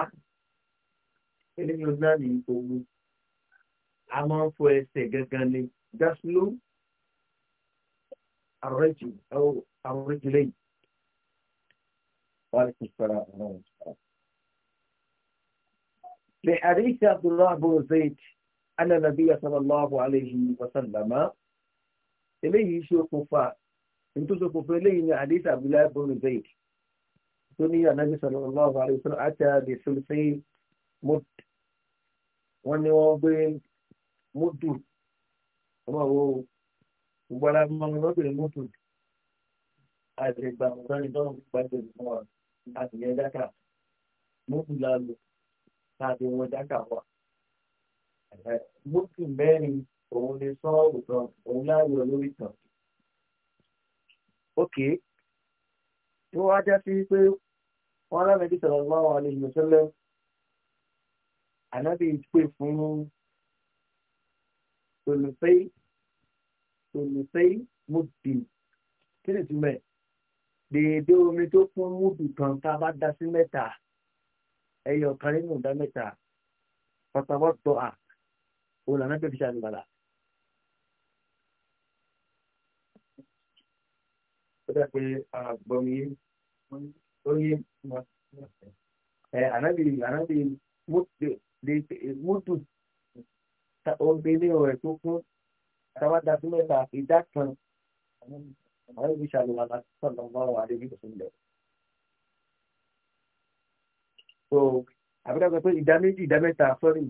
eléyìí ojú àná ìfowó a máa ń fọ ẹsẹ̀ gangan ni gaslo àrẹ́jù àrẹ́jù lẹ́yìn wàá kí sara àwọn ọ̀sán. لحديث عبد الله بن زيد أن النبي صلى الله عليه وسلم إليه شوكفا انتو شوكفا إليه حديث عبد الله بن زيد tó ní ànábì sallallahu alaihi wasallam àti àdè sọlọ́sẹ́ mọ́d wọ́n ní wọ́n gbé mọ́dù ọmọ wo ìgbàlá mọ́nà lọ́bìnrin mọ́dù àgbègbè àwọn ọ̀gbẹ́ni tó ń gbàgbé fún wa àti yẹn dákà mọ́dù la lò láti wọn dákà wa mọ́dù mẹ́rin òun ni sọ́ọ̀rù kan òun láàyò lórí kan. ókè tó wá já sí pé wọn rán nàbí sallallahu alaihi wasallam ànábì pè fún tòlùfẹ́ tòlùfẹ́ mùdì kí ni túmẹ̀ dèédé omi tó fún múdù kan tá a bá da sí mẹ́ta ẹyọ kan nínú ìdá mẹ́ta pàtàkì tó a olùlànà bẹ́ẹ̀ fi ṣàlùbàlà. ó dà pé àgbọ̀n yìí oye ẹ eh, anabi anabi mútu obìnrin ní ọ̀rẹ́ tó kún àtàwádà sí mẹ́ta ìdá kan àwọn ibi ṣàlùwà láti sọ̀rọ̀ bá wà lórí ìpínlẹ̀. so àbúrò pé ìdá méjì ìdá mẹ́ta sọ́rí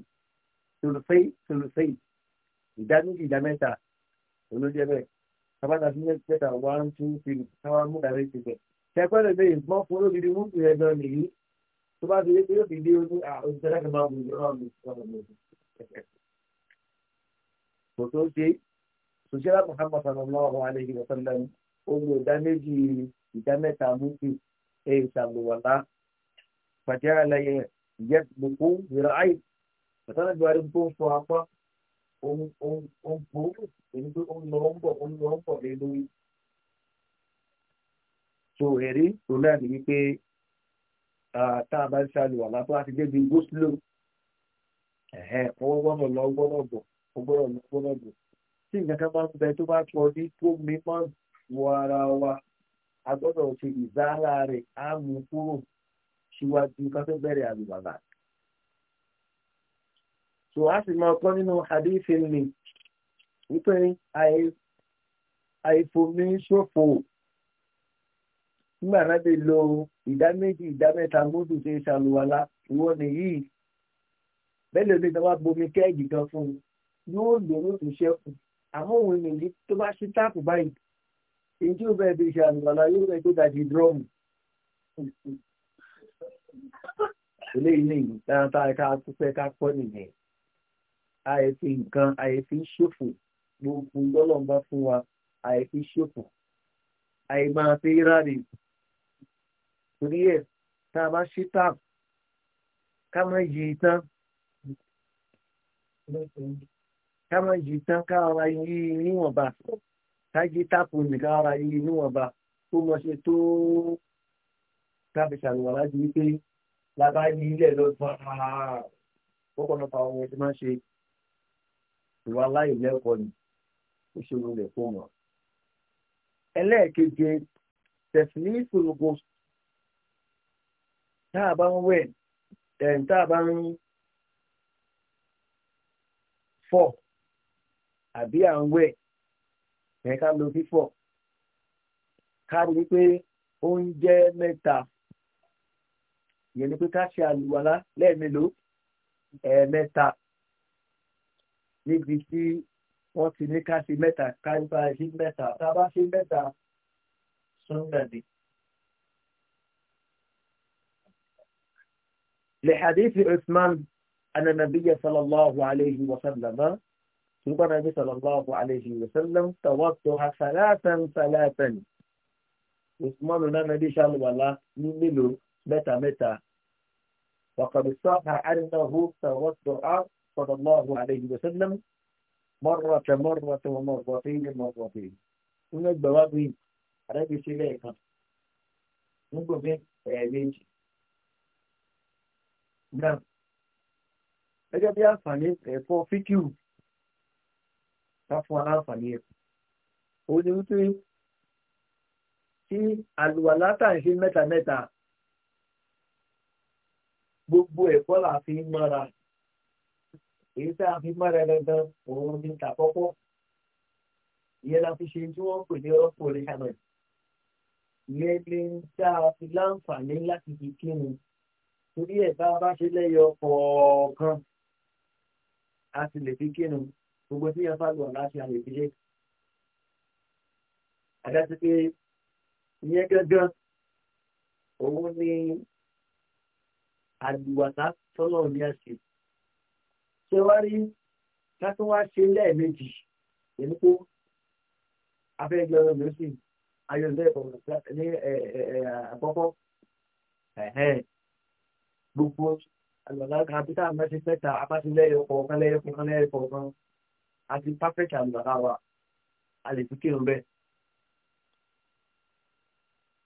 tòlùfẹ́ tòlùfẹ́ ìdá méjì ìdá mẹ́ta olójẹ́ bẹ́ẹ̀ àtàwádà sí mẹ́ta one two three káwá mú ìdá méjì bẹ́ẹ̀ ṣẹpẹ́lẹ̀ bẹ́ẹ̀ mọ́ fún olóbìnrin mú ìrẹ́ gan nìyí tó bá ti yóò fi dé ojú òṣìṣẹ́ láti máa wùdí ọ̀rọ̀ mi sọ̀rọ̀ mi. kò tó ṣe ṣùṣẹ́lá muhammad sallallahu alayhi wa sallam olú ìdá méjì ìdá mẹ́ta múkì ẹ̀ ìṣàlùwàlá pàjẹ́ àlàyé yẹ gbogbo ìrọ̀ àyè pàtàkì buhari tó ń fọ apá ó ń bọ̀ ó ń lọ ń bọ̀ ń lọ ń bọ̀ lé lórí so ẹ̀rí òun náà ní wípé tá a bá ń ṣàlùwàlá tó a ti débi gúúsùlù ọwọ́ gbọ́dọ̀ lọ gbọ́dọ̀ bọ̀ ó gbọ́dọ̀ lọ gbọ́dọ̀ bọ̀ tí nǹkan kan bá ń bẹ tó bá pọ̀ ní tó mi máa wọ ara wa a gbọ́dọ̀ ṣe ìzára rẹ̀ á mú kúrò síwájú ká tó bẹ̀rẹ̀ àlùwàlá. so a sì máa kọ́ nínú hadith mi wípé àìfomi ṣòfò nígbà náà lè lo ìdá méjì ìdá mẹ́ta múdù tó ṣe àlùwàlá ìwọ nìyí bẹ́ẹ̀ lè lè dáwà bomi kẹ́ẹ̀gì kan fún un yóò lò ó tó ṣẹ́kù àmọ́ òun nìyí tó bá ṣí táàpù báyìí èyí tí ó bẹ̀rẹ̀ bí ṣe àlùwàlá yóò rẹ̀ tó dàjì drọ́ọ̀mù eléyìí ní ìdáradára ká pípẹ́ ká pọ́ nìyẹn àìfi nǹkan àìfi ṣòfò gbogbo lọ́lọ́mbá fún wa àìfi ṣòfò àìmáa fi ráre torí ẹ̀ tá a bá ṣí tap ká má yí tán ká má yí tán ká ara yí níwọ̀nba ká yí tápù nìkan ara yí níwọ̀nba tó mọ̀ ṣe tó tàbí ṣàlùwà láti wípé lábá yí ilẹ̀ lọ fàá ọ̀pọ̀lọpọ̀ àwọn ẹ̀ṣẹ̀ máa ṣe ìwà aláìlẹ́kọ̀ọ́ ni ó ṣe olùlẹ̀ fún wọn. ẹlẹ́ẹ̀keje tẹ̀sílífù tá a bá ń wẹ̀ tá a bá ń fọ̀ àbí à ń wẹ̀ ẹ̀ ká lo fífọ̀ ká rí pé oúnjẹ mẹ́ta ìyẹn ni pé ká ṣe àlùwàlá lẹ́ẹ̀mélòó ẹ̀ẹ̀mẹ́ta níbi tí wọ́n ti ní ká ṣe mẹ́ta ká ń bá ṣe mẹ́ta tá ṣe mẹ́ta sunday لحديث عثمان أن النبي صلى الله عليه وسلم ثم النبي صلى الله عليه وسلم توضأ ثلاثا ثلاثا عثمان النبي شاء الله عليه وسلم متى متى وقد صح أنه توضأ صلى الله عليه وسلم مرة مرة ومرتين مرتين من بوابين النبي سيليك نقول يعني náà gẹ́gẹ́ bí àǹfààní ẹ̀kọ́ eh, fíkìú ká fún wa láǹfààní ẹ̀kọ́ ó ní wípé kí àlùwàlá tá à ń ṣe mẹ́ta mẹ́ta gbogbo ẹ̀kọ́ là fi ń mọ́ra èyí tá a fi mọ́ra dandan òun ni tàkọ́kọ́ ìyẹn la fi ṣe tí wọ́n pè ní rọ́pò rẹ̀ hànà ìyẹn ni tá a fi láǹfààní láti fi kírun torí ẹ̀ bá bá ṣe lẹ́yọ kọ̀ọ̀kan a sì lè fi kínu gbogbo tí yẹn fàlù ọ̀la ṣe àlè fi ṣe. àdáṣe pé ìyẹn gángan òun ni àlùwàtá tọ́lọ̀ ní ẹ̀sìn. ṣé wá rí ká tún wá ṣe lẹ́ẹ̀mejì èmi kó afẹ́jọ́ lọ́sìn ayọ̀lẹ́ ọ̀rọ̀ ní àkọ́kọ́ gbogbo àlọ́lá àti tá a máa ti mẹ́ta a máa ti lẹ́yọ kọ̀ọ̀kan lẹ́yọ kọ̀ọ̀kan lẹ́yọ kọ̀ọ̀kan àti perfect àlọ́lá wa a lè fi kírun bẹ́ẹ̀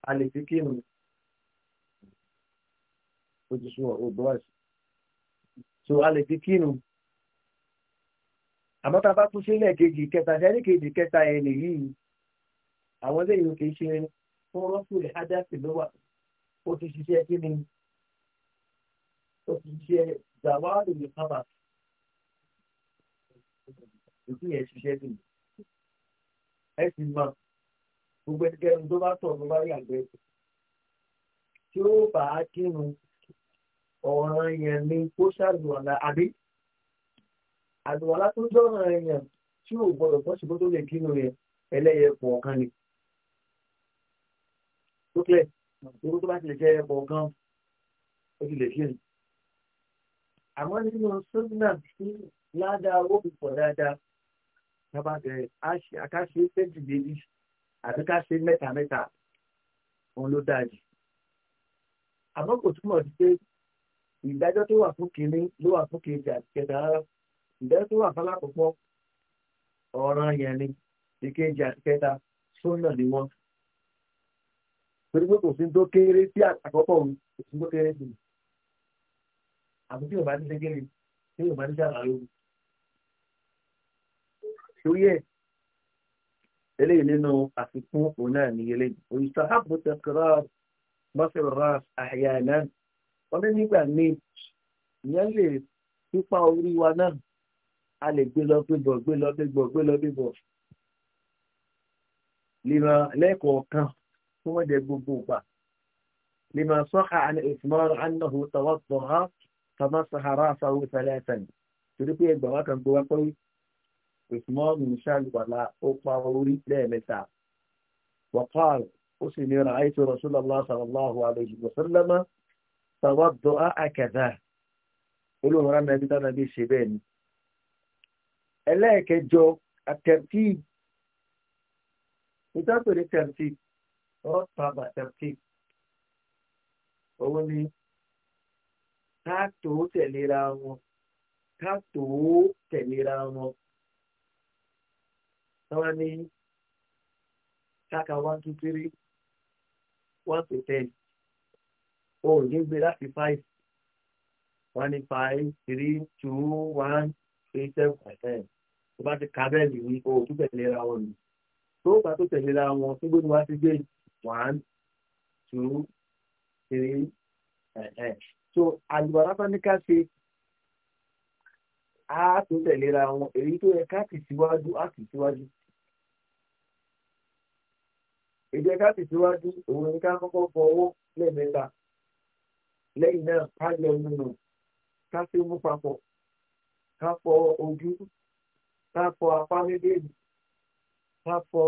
a lè fi kírun o ti sún ọ̀rọ̀ bọ́ àìsàn so a lè fi kírun àmọ́ tá a bá tún sílẹ̀ kejì kẹta sẹ́ni kejì kẹta ẹ̀ nìyí àwọn eléyìí kì í ṣe fún rọ́pù rẹ̀ ádásì ló wà ó ti ṣiṣẹ́ kí ni tó fi ṣe ìjàwárò ní sábà ìpín yẹn ṣiṣẹ́ nìyí ẹ sì mọ gbogbo ẹnikẹ́ni tó bá tọ̀ ló bá yàgbẹ́ tí ó bá kírun ọ̀ràn yẹn ni kó ṣàlùwàlà àbí àlùwàlà tó jọ̀ràn yẹn tí ò gbọdọ̀ tó ṣùgbọ́n tó lè kírun yẹn ẹlẹ́yẹ kọ̀ọ̀kan ni. tó kílẹ̀ owó tó bá ti lè jẹ́ ẹ̀kọ̀ọ̀kan ó ti lè kírun àmọ́ nínú sunna tí ládàá owó fi pọ̀ dáadáa tábà bẹ̀rẹ̀ àkáṣe tẹ́jú méjì àti káṣe mẹ́ta mẹ́ta òun ló dáa jù àmọ́ kò túmọ̀ sí pé ìdájọ́ tó wà fún kínní ló wà fún kejì àti kẹta rárá ìdájọ́ tó wà fún alákọ̀ọ́kọ́ ọ̀ràn yẹn ni ìkejì àti kẹta sunna ni wọ́n torí pé kò sí tó kéré sí àkọ́kọ́ òun kò sí tó sí i àbí tí yorùbá ti ṣe gẹ́lẹ̀ tí yorùbá ti ṣàlàyé o. torí ẹ eléyìí nínú àfikún òun náà ní eléyìí òyìnbó àbò tẹkọrọ mọ́sẹ̀rọ̀ àyà náà wọ́n ní nígbà míì ìyẹn lè pípa orí wa náà a lè gbé lọ gbé bọ̀ gbé lọ gbé bọ̀ gbé lọ gbé bọ̀ lima lẹ́kọ̀ọ̀kan tí wọ́n jẹ gbogbo ìgbà lima sọ́ka àni ìsúmọ́rọ̀ ànáhùn tọwọ́ tọ̀ ha فمسح راسه ثلاثا تريبي بابا كان بواكم عثمان اسمه شعب ولا أقاوري لا متى وقال أسني رأيت رسول الله صلى الله عليه وسلم توضأ كذا قلوا رانا النبي ده نبي شبين إلاك جو الترتيب إذا الترتيب أو طبع ترتيب هو ká tó tẹ̀léra wọn ká tó tẹ̀léra wọn. Táwa ní káka one two three one to ten o ò ní gbé láti five one ní five three two one three seven percent tó bá ti ka bẹ́ẹ̀ nìyí o ò tún tẹ̀léra wọn nù tó bá tó tẹ̀léra wọn tó gbóni wá sí gbé one two three. Uh, uh so àlùbọ̀lá bá ní ká ṣe á tó tẹ̀léra wọn èyí tó yẹ ká tì síwájú á tì síwájú èdè ká tì síwájú òun ní ká kọ́kọ́ fọwọ́ lẹ́ẹ̀mẹ́ta lẹ́yìn náà ká yọ nínú ká sí mú papọ̀ ká fọ ojú ká fọ apá méjèèjì ká fọ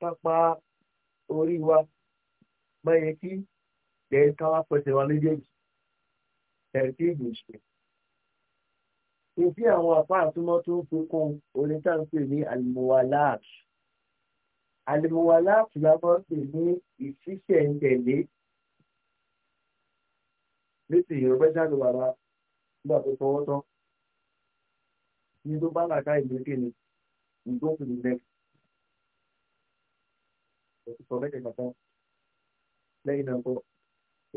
pápá orí wa báyẹn kí lẹ́yìn ká wá fọṣẹ wa méjèèjì tẹ̀sí ìgbésẹ̀. Ìdí àwọn àpá àtúmọ̀ tó ń fi kún onítàǹpé ní Almuwalaat. Almuwalaat lábọ́ pè ní ìṣísẹ̀ntẹ̀lé. Létí ìrọ̀pẹ́ jáde wà lá nígbà tó fọwọ́ tán. Ní tó bá làkà ìlú kéde, ìgbókùn ní mẹ́fì. Òtítọ́ mẹ́tẹ̀ẹ̀ta tán. Lẹ́yìn náà kọ́,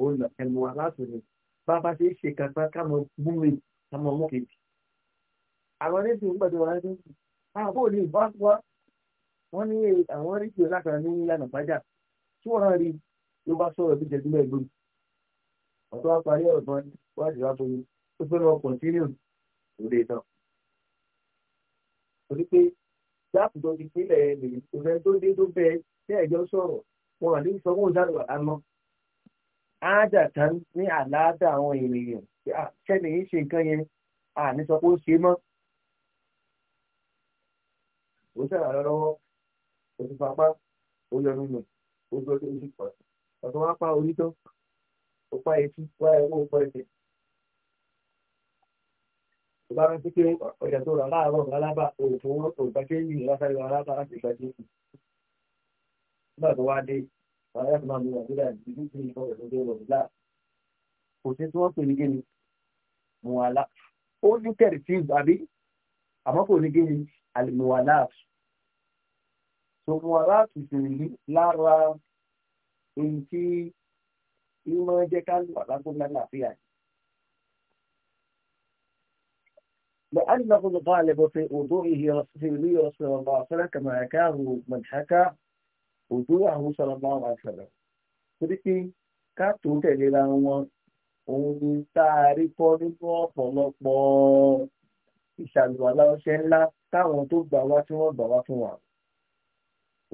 ó lọ ẹnu wa láti rìn bá bá ṣe é ṣe kan tán káwọn múmi káwọn mú kejì àwọn oníṣòwò ń gbàdúrà wọn ní àwọn kò ní ìbá wá wọn ní àwọn oníṣòwò látara ní ìlànà bájà tí wọn rí ló bá sọ̀rọ̀ bí jẹjú mẹgbẹ ọ̀tọ̀ wa parí ọ̀gbọ́n wá sí wàá tóyún ó fẹ́ lọ kọ̀ntínú òde tán torí pé dáàbò tó ti pínlẹ̀ ẹ̀ lè ìfẹ́ tó dé tó bẹ́ẹ̀ tí ẹ̀jọ́ sọ̀rọ̀ wọn àdéhùn áádàtà ní àláádà àwọn ènìyàn ṣẹ́ni yìí ṣe nǹkan yẹn àní sọ pé ó ṣe mọ́ ó ṣàlàyé lọ́wọ́ oṣù pápá ó yọ nínú ojú ọjọ́ oṣù pọ̀ ọ̀tọ̀ wá pa onítọ́ ó pa etí wá ẹwọ́ ó pa ẹsẹ̀ ó bá rántí pé ọjà tó rà láàárọ̀ lálábà òògùn òògbàjẹ́yìn lásàrò alábà láti ìgbàjẹ́yìn nígbà tó wá dé àwọn ẹ̀sìn máa ń lo nàìjíríà ìdíjú sí ìfọ̀ ìfọ̀dé rọ̀bìlà kò sí tí wọ́n pè ní gíní muwala ó ní tẹ̀rì tí àbí àmọ́ kò ní gíní alimuwala so muwala tuntun yìí lára èyí tí ìmọ̀ jẹ́ ká lù àlágbóńlá láàfíà yìí. لأنه غالب في وضوئه òjò àwọn sọlọmọ àwọn àṣọlọ torí pé káàtó tẹ̀léra wọn òun ni tá a rí kọ́ nínú ọ̀pọ̀lọpọ̀ ìṣàlùwàlá ọṣẹ ńlá táwọn tó gbà wá tí wọ́n gbà wá fún wa.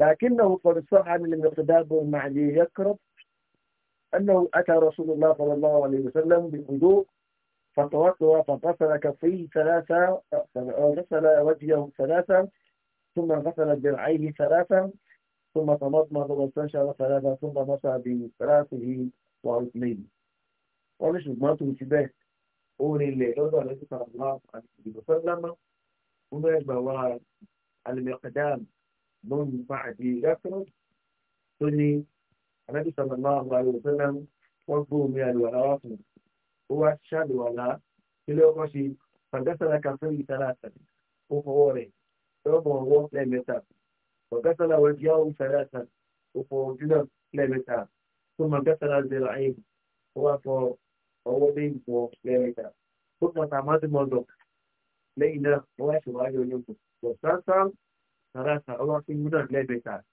لكنه قد صح عن المقداد المعني يقرب أنه أتى رسول الله صلى الله عليه وسلم بالوضوء فتوضأ فغسل كفيه ثلاثة غسل وجهه ثلاثة ثم غسل درعيه ثلاثة ثم تمضمض واستنشق ثلاثة ثم مسح برأسه وأذنيه wọ́n ní ṣùgbọ́n tó ti bẹ́ẹ̀ ó rinlẹ̀ lọ́dọ̀ àlejò sàrànlá àti ìdìbòfẹ́ lámà nínú ẹgbà wa alimẹ̀kadàm lónìí nípa àti yàtọ̀ tó ní àlejò sàrànlá àwọn àlejòfẹ́ náà wọ́n gbé omi àlùwàlá wá fún un ó wá ṣàlùwàlá ilé ọkọ̀ ṣe pàdásàlá kàfẹ́ ìtara àtàlẹ́ ó fọwọ́ rẹ̀ lọ́bọ̀ ọwọ́ lẹ́ẹ̀mẹ́ta وغسل وجهه ثلاثا وفوجنا لمتا ثم غسل الذراعين وفو أولين لمتا ثم تعمد مضوك لينا واش واجه يمكن وغسل ثلاثة أولين لمتا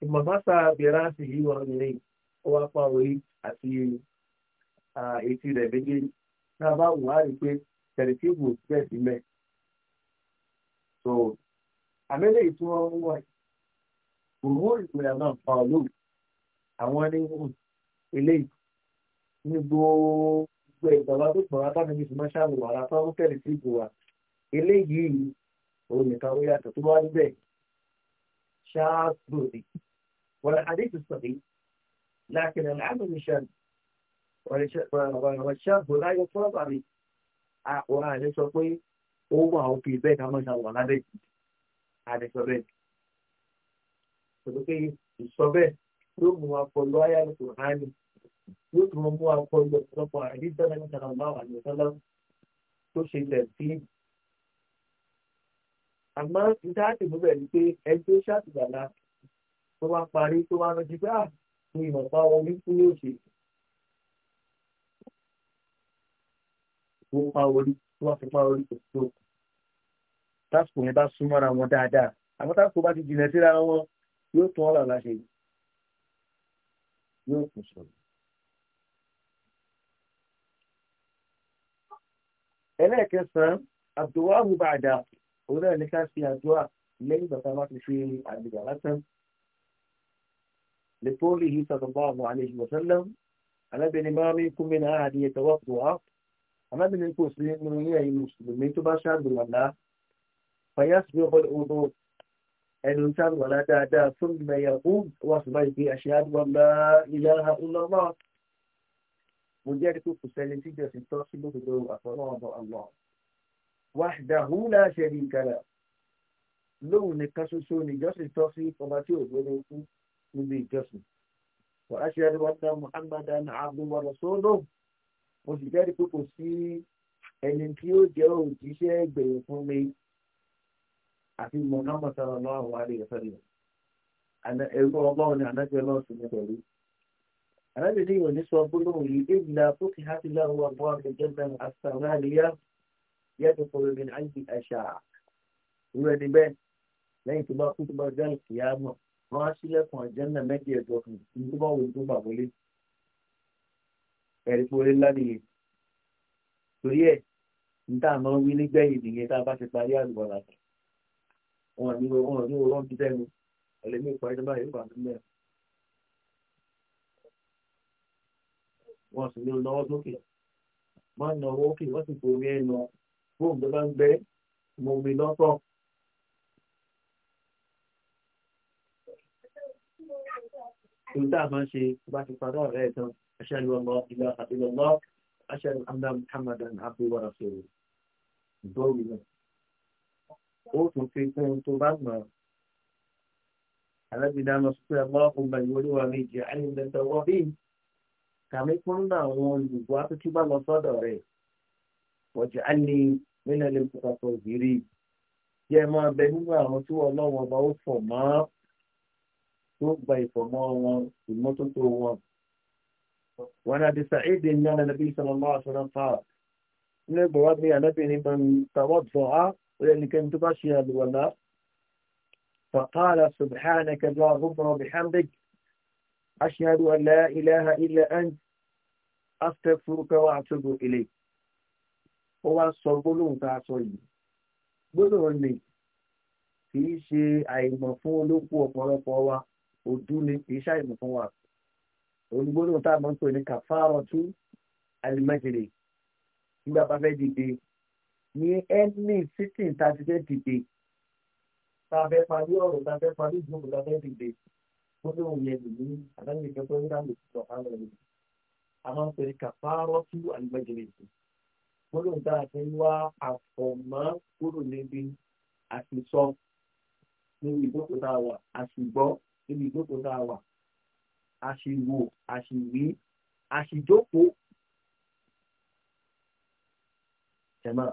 ثم مسى برأسه ورجليه وفو أولين أتي etí rẹ̀ méjèèjì tá a bá wù á rí pé tẹ̀lifíìmù bẹ́ẹ̀ sí mẹ́. so àmẹ́lẹ́ ìtumọ̀ wọ̀nyí òmùwò ìpìlẹ̀ náà fa olóògùn àwọn ní eléyìí ní gbogbo ìgbàlá tó pọ̀ látàmì ní ìfúnmọ́ ṣáàlù wà látà ó tẹ̀lé sí ìbò wa eléyìí òun nìkan ó yàtọ̀ tó bá níbẹ̀ ṣáàlù ni wọn àdéhùn sọ̀rí lákìn àlàáfíà ní ṣáàlù wọn ṣáàlù láyọ̀ fọ́ọ̀bà mi àwọn àlẹ́ sọ pé ó wà ó fi bẹ́ẹ̀ ká mọ́ ṣáàlù wà lábẹ́ àdéhùn bẹ́ẹ̀ pẹ̀lú pé ìsọ bẹ́ẹ̀ yóò mú akọlọ ayálu kò hàn ní yóò tún mú akọlọ ọ̀pọ̀lọpọ̀ àdìsọ́lá ní sàlámà àdìsọ́lá tó ṣe lẹ̀ sí. àmọ́ ìdáàtì mú bẹ̀rẹ̀ pé ẹgbẹ́ ṣàtìgbàlá tó wá parí tó wá rántí pé à ah, ní ìmọ̀pá wọn ní kú ní òṣè. wọ́n pa orí tí wọ́n fi pa orí kò tó. tásìkò yẹn bá súnmọ́ra wọn dáadáa àmọ́ tásìkò bá ti jìnnà síra wọn yóò tún ọ̀rọ̀ láṣẹ yóò kù sọ̀rọ̀. ẹlẹ́ẹ̀kẹsàn-án àdúrà bàdà òun náà ní ká fi àdúrà lẹ́yìn bàtà bá ti fi àdìgbà látàn. لقوله صلى الله عليه وسلم أنا بن ما منكم من أحد يتوضأ أما من المسلمين من المسلمين تباشر بالله فيسبغ الوضوء ẹni tí àwọn ọ̀la dáadáa fún ìmẹ̀yà fún wa sì báyìí pé ashhadu an la ilaha illallah mo jẹ́rìí pé kò sẹ́ni tí jẹ̀sìn tọ́ sí lódodo àfọlọ́wọ́ Allah wahdahu la sharika lah lóhùn nìkan ṣoṣo ni ìjọsìn tọ́ sí ọba tí ò gbọ́dọ̀ fún níbi ìjọsìn wa ashhadu anna Muhammadan abduhu wa rasuluhu mo sì jẹ́rìí pé kò sí ẹni tí ó jẹ́ òjíṣẹ́ gbẹ̀yìn fún mi àti Muhammad sallallahu alaihi wasallam ẹ̀rọ ọlọ́run ni ànábì ọlọ́run sì ní pẹ̀lú. ànábì ní ìwọ̀n ní sọ gbólóhùn yìí ìgbìlá tó ti há sí láwọn àbọ̀ àgbẹ̀jẹ̀dá àsàmáàlìyá yẹ́tò kọ̀rọ̀ mi àyè àṣà irú ẹni bẹ́ẹ̀ lẹ́yìn tó bá kú tó bá dáhùn sí mọ̀ wọ́n á sílẹ̀kùn àjẹ́nà méjì ẹ̀jọ̀ kan tó bá wò wọn ní wọn ní wọn bí dẹnu ẹlẹmí ìparí tó báyìí wà nílẹ̀ wọn sì ní lọ́wọ́ sókè wọn nà owó òkè wọn sì forí ẹ nà fóònù tó bá ń gbẹ mo mi lọ́tọ̀. Ìgbà máa ń ṣe bá ti padà ọ̀rẹ́ ìtàn aṣáájú ọmọ ìlà àti ìlọ́lọ́ aṣáájú Amdá Muhammadan Abdul Warasiri. Ìgbọ́ òwúrọ̀ ó tún fi fún un tó bá mọ̀ ọ́. alábìdá lọ sí pé ọlọ́run bá ìwé olúwa mi jẹ́ àyìnbẹ̀tẹ̀ wọ bí kàmí fún àwọn olùgbò akíkí bá lọ sọ́dọ̀ rẹ̀ wọ̀jẹ̀ á ní nílẹ̀ lè fọkàn tó ìrírí yẹ máa bẹ nínú àwọn tí ọlọ́run ọba ó fọ̀ mọ́ tó gba ìfọ̀mọ́ wọn ìmọ́tótó wọn. وعن أبي سعيد أن النبي صلى الله عليه وسلم قال نبوة النبي من توضأ ولأنكم تباشي الولاء فقال سبحانك اللهم وبحمدك أشهد أن لا إله إلا أنت أستغفرك وأتوب إليك هو صلبلون تعصي بلوني kì í ṣe àìmọ̀ fún olókù ọ̀pọ̀lọpọ̀ wa ojú ni kì í ṣàìmọ̀ fún wa olùgbòlóhùn tá a máa ń pè ní kàfárọ̀tú alimẹ́jèrè nígbà bá fẹ́ dìde ní any city tàbí fẹ́ dìde tàbí parí ọ̀rọ̀ tàbí parí ìdúró tàbí dìde ó ní òun yẹn lè ní àdáni ìfẹ́ tó ń dá lè sọ àwọn ẹ̀rọ a máa ń pè ní kàfárọ́ tú àlùmọ́jẹ̀lẹ̀ sí gbọ́dọ̀ dáa fi ń wá àfọ̀mọ́ kúrò níbi àtisọ́ níbi ìjókòó tá a wà àṣìgbọ́ níbi ìjókòó tá a wà àṣìwò àṣìwí àṣìjókòó jẹ̀mọ́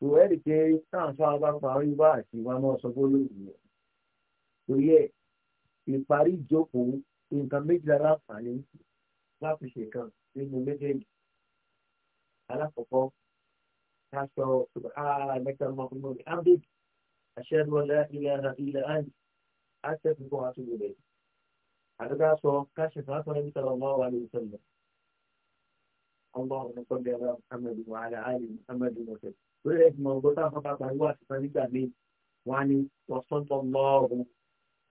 tó ẹ́ rí pé táǹfà bá parí wá àti wá mọ́ sọ bólú ìlú tó yẹ ìparí ìjókòó nǹkan méjìlá láǹfààní láti ṣèkan nínú méjèèjì alákọ̀ọ́kọ́ káṣọ àgbẹ̀kẹ́ ọmọkùnrin ní abdul aṣẹ́nu ọ̀la ilẹ̀ ilẹ̀ àìní àṣẹ́kùn fún àtúntò rẹ̀ àdúgbà sọ káṣẹ̀ fún àtúntò rẹ̀ ọmọ wa ní ìṣẹ̀lẹ̀ اللهم صل على محمد وعلى ال محمد وسلم lórí ẹ̀sìn mọ̀ ọ̀gọ́ta àpapọ̀ àgbàlú àti sanigba mi wọn ni wọ́n tó lọ́ọ̀rùn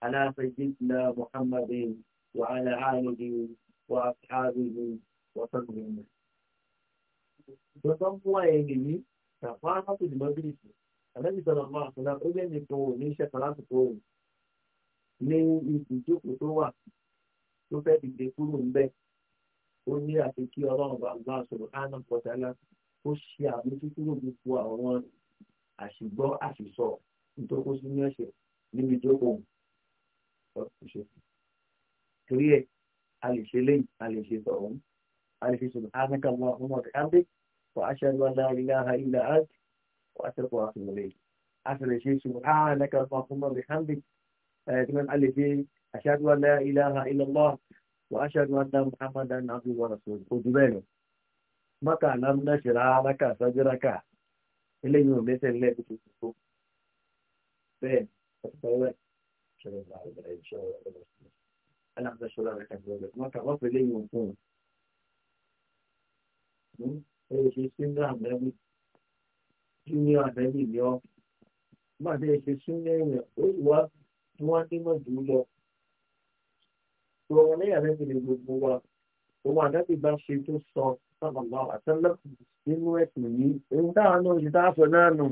aláfẹ́jìnlá muhammadu wa aláhàlùdí wa aṣáájú wọ́sọ̀gbìn. Gbọ́dọ̀ fún àyè nìyí, kàfá láti dìbò bírísì, àlẹ́bí sọ̀rọ̀ máa sọ̀rọ̀ ó lé ní kòwò ní iṣẹ́ kan láti kòwò ní ìjókòó tó wà tó fẹ́ dìde kúrò ń bẹ̀. Ó ní àfikí ọlọ́run bàbá sọ̀rọ̀ ánà ó ṣe àmójúkúrò gbogbo àwọn àṣìgbọ́ àṣìsọ nítorí sí ní ẹ̀ṣẹ̀ níbi ìjókòó ọ̀ṣẹ̀ torí ẹ̀ a lè ṣe lẹ́yìn a lè ṣe tọ̀hún a lè ṣe sọ̀rọ̀ ánákà wọn àwọn ọmọdé ábẹ́ wọ́n aṣọ àwọn aláìlá ilẹ̀ áàtì wọ́n aṣẹ́kọ̀ọ́ àfihàn a sì lè ṣe sọ̀rọ̀ ánákà wọn àwọn ọmọdé ábẹ́ كمان قال لي فيه أشهد أن لا إله إلا الله وأشهد أن محمدا عبده ورسوله خدوا باله mọ́kà lámúdá ṣẹ̀rá aláka sájúráka ka, ò mẹ́sẹ̀ ńlẹ̀ bí tuntun tó bẹ́ẹ̀ ọ̀pọ̀lọpọ̀ ṣẹlẹ̀ bá ọ̀rẹ́ ìṣọ́ ọ̀rẹ́ aláàbá ṣọlá rẹ̀ kàdé ọ̀rẹ́ mọ́kà wọ́n fẹ́ lẹ́yìn òkun ẹ̀ ṣe sínú àbẹ́bí júnior àbẹ́bí ni ọ́ gbàdé ṣe sínú ẹ̀yìn ó sì wá tí wọ́n dé mọ́ jù ú lọ. Sọ̀rọ̀ lẹ́yìn àbẹ́bí ni gbogbo wa òun àdáṣe bá ṣe tó sọ sábàbá àtẹlẹ nínú ẹsùn yìí ohun táwọn náà ṣe táàfẹ náà nù.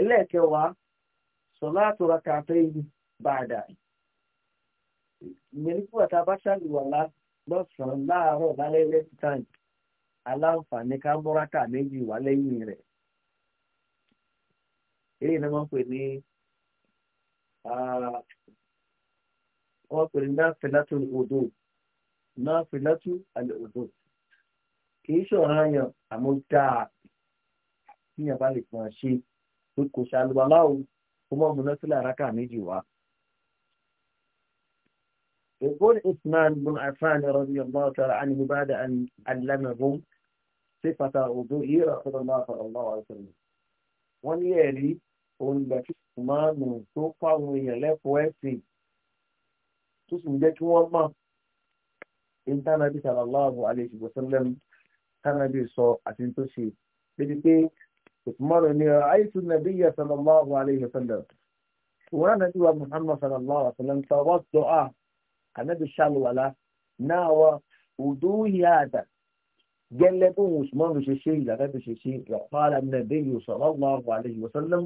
ẹlẹ́ẹ̀kẹwàá sọlá àtúrà kàfẹ́ yìí bàdà ìyẹn nígbà tá a bá ṣàlùwàlá lọ́sàn-án láàárọ̀ lálẹ́ lẹ́tìtàn aláǹfààní ká mọ́ráká méjì wá lẹ́yìn rẹ̀. eléyìí ni wọ́n pè ní ah, wọ́n pè ní náfìlátù odò náfìlátù àlè odò kìí ṣọ̀rọ̀ yàn àmọ́ dáa kíyàn bá lè fún ọ ṣe pé kò ṣàlùwà láwo kó mọ́ mu náfìlà rákà méjì wá. يقول عثمان بن عفان رضي الله تعالى عنه بعد أن علمهم صفة وضوء رسول الله صلى الله عليه وسلم wọ́n ní ẹ̀rí òun gbà tí Usman tó fáwọn tó sì ń jẹ́ kí wọ́n mọ̀ ìtànàbí sallallahu alayhi wa sallam tànàbí sọ àti tó ṣe débi pé òtúmọ̀rọ̀ ni àìsùn nàbí yà sallallahu alayhi wa sallam wọn nàbí wa muhammad sallallahu alayhi wa sallam tọwọ́ dọ́à ànábì ṣàlùwàlá náà wà òdó yàda gẹ́lẹ́ bó usman ṣe ṣe ìlànà bí ṣe ṣe ìyàpára nàbí yà sallallahu alayhi wa sallam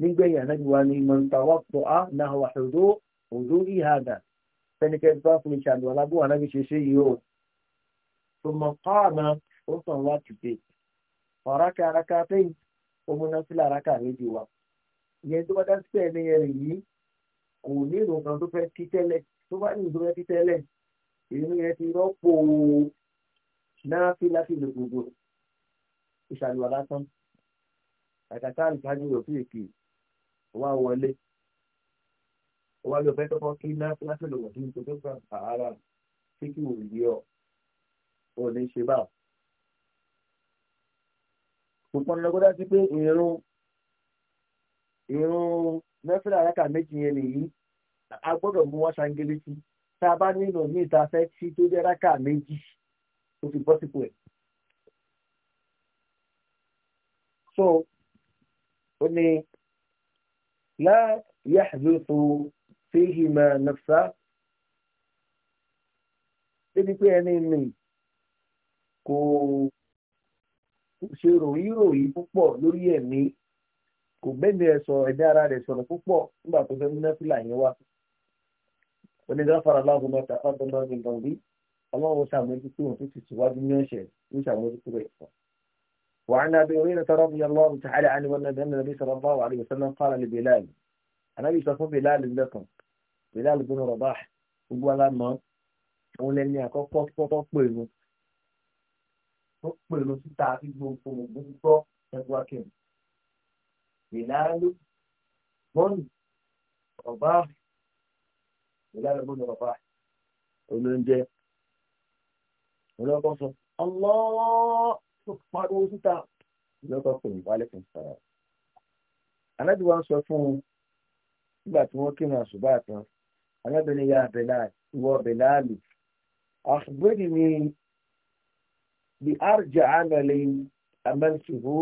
nígbẹ̀yìn ànábì wa ni mọ̀ntàwọ́ dọ́à náà wà òdó yàda fẹ́nikẹ́ni bá fi ṣàlù alábò alábi ṣe ṣe yìí o tó mọ páàmà ó sàn wá tìpé ọ̀ráka araka fẹ́yìn omuna sílẹ̀ araka méjì wa ìyẹn tó bá dá sí ẹni yẹn yìí kò ní ìrò kan tó fẹ́ kí tẹ́lẹ̀ tó bá ní ìrò fẹ́ kí tẹ́lẹ̀ ìrò yẹn ti rọ́pò náà fi láti lè gbogbo ìṣàlù alásán àkàtà àlùfáàjì rò fún èkì wọlé ó wá lọ fẹ́ tọ́kọ́ kí láti lọ́wọ́ sí nítorí pé àárà tí kì í yí ọ ò ní ṣe báà. ṣùgbọ́n lọ́kọ́ dájú pé ìrún ìrún mẹ́fìlá àyàkà méjì yẹn nìyí a gbọ́dọ̀ mú wá ṣàǹgẹ́lẹ́ sí tá a bá nínú ní ìta fẹ́ tí tó jẹ́ rákà méjì tó fi bọ́ sípò ẹ̀. so ó ní láyé àdúró fihima nafsa débi pé ẹni nì kò ṣe ròyìnròyìn púpọ̀ lórí ẹ̀mí kò gbẹ́ni ẹ̀ sọ ẹ̀dá ara rẹ̀ sọ̀rọ̀ púpọ̀ nígbà tó fẹ́ múná fúlà yẹn wá onígbàfàrà láàbù mẹ́ta fábọn náà ní gbọ̀ngbí ọlọ́run ṣàmójútó òun tó ti tìwájú ní ọ̀ṣẹ̀ ń ṣàmójútó rẹ̀ fún. وعن أبي هريرة رضي الله تعالى عنه أن النبي صلى الله عليه وسلم قال لبلال أنا بشرف بلال لكم Bilal bin Rabah gbogbo alámọ̀ òun lẹ́ni àkọ́kọ́ kọ́kọ́ pèrò tó pèrò síta àti gbogbo gbogbo ẹgbẹ́ akẹ́yìn Bilal bọ́ọ̀lù ọ̀bá Bilal bin Rabah olóúnjẹ olóko sọ ọlọ́ tó pariwo síta olóko pè ní wálé fún sàrà. Anájú wa ń sọ fún un nígbà tí wọ́n kírun àṣùbà àtàn arábìnrin ya Bilal ìwọ Bilali àṣùgbọ́nì ni bí arjẹ́ àmàlẹ́ amẹ́lìtìhó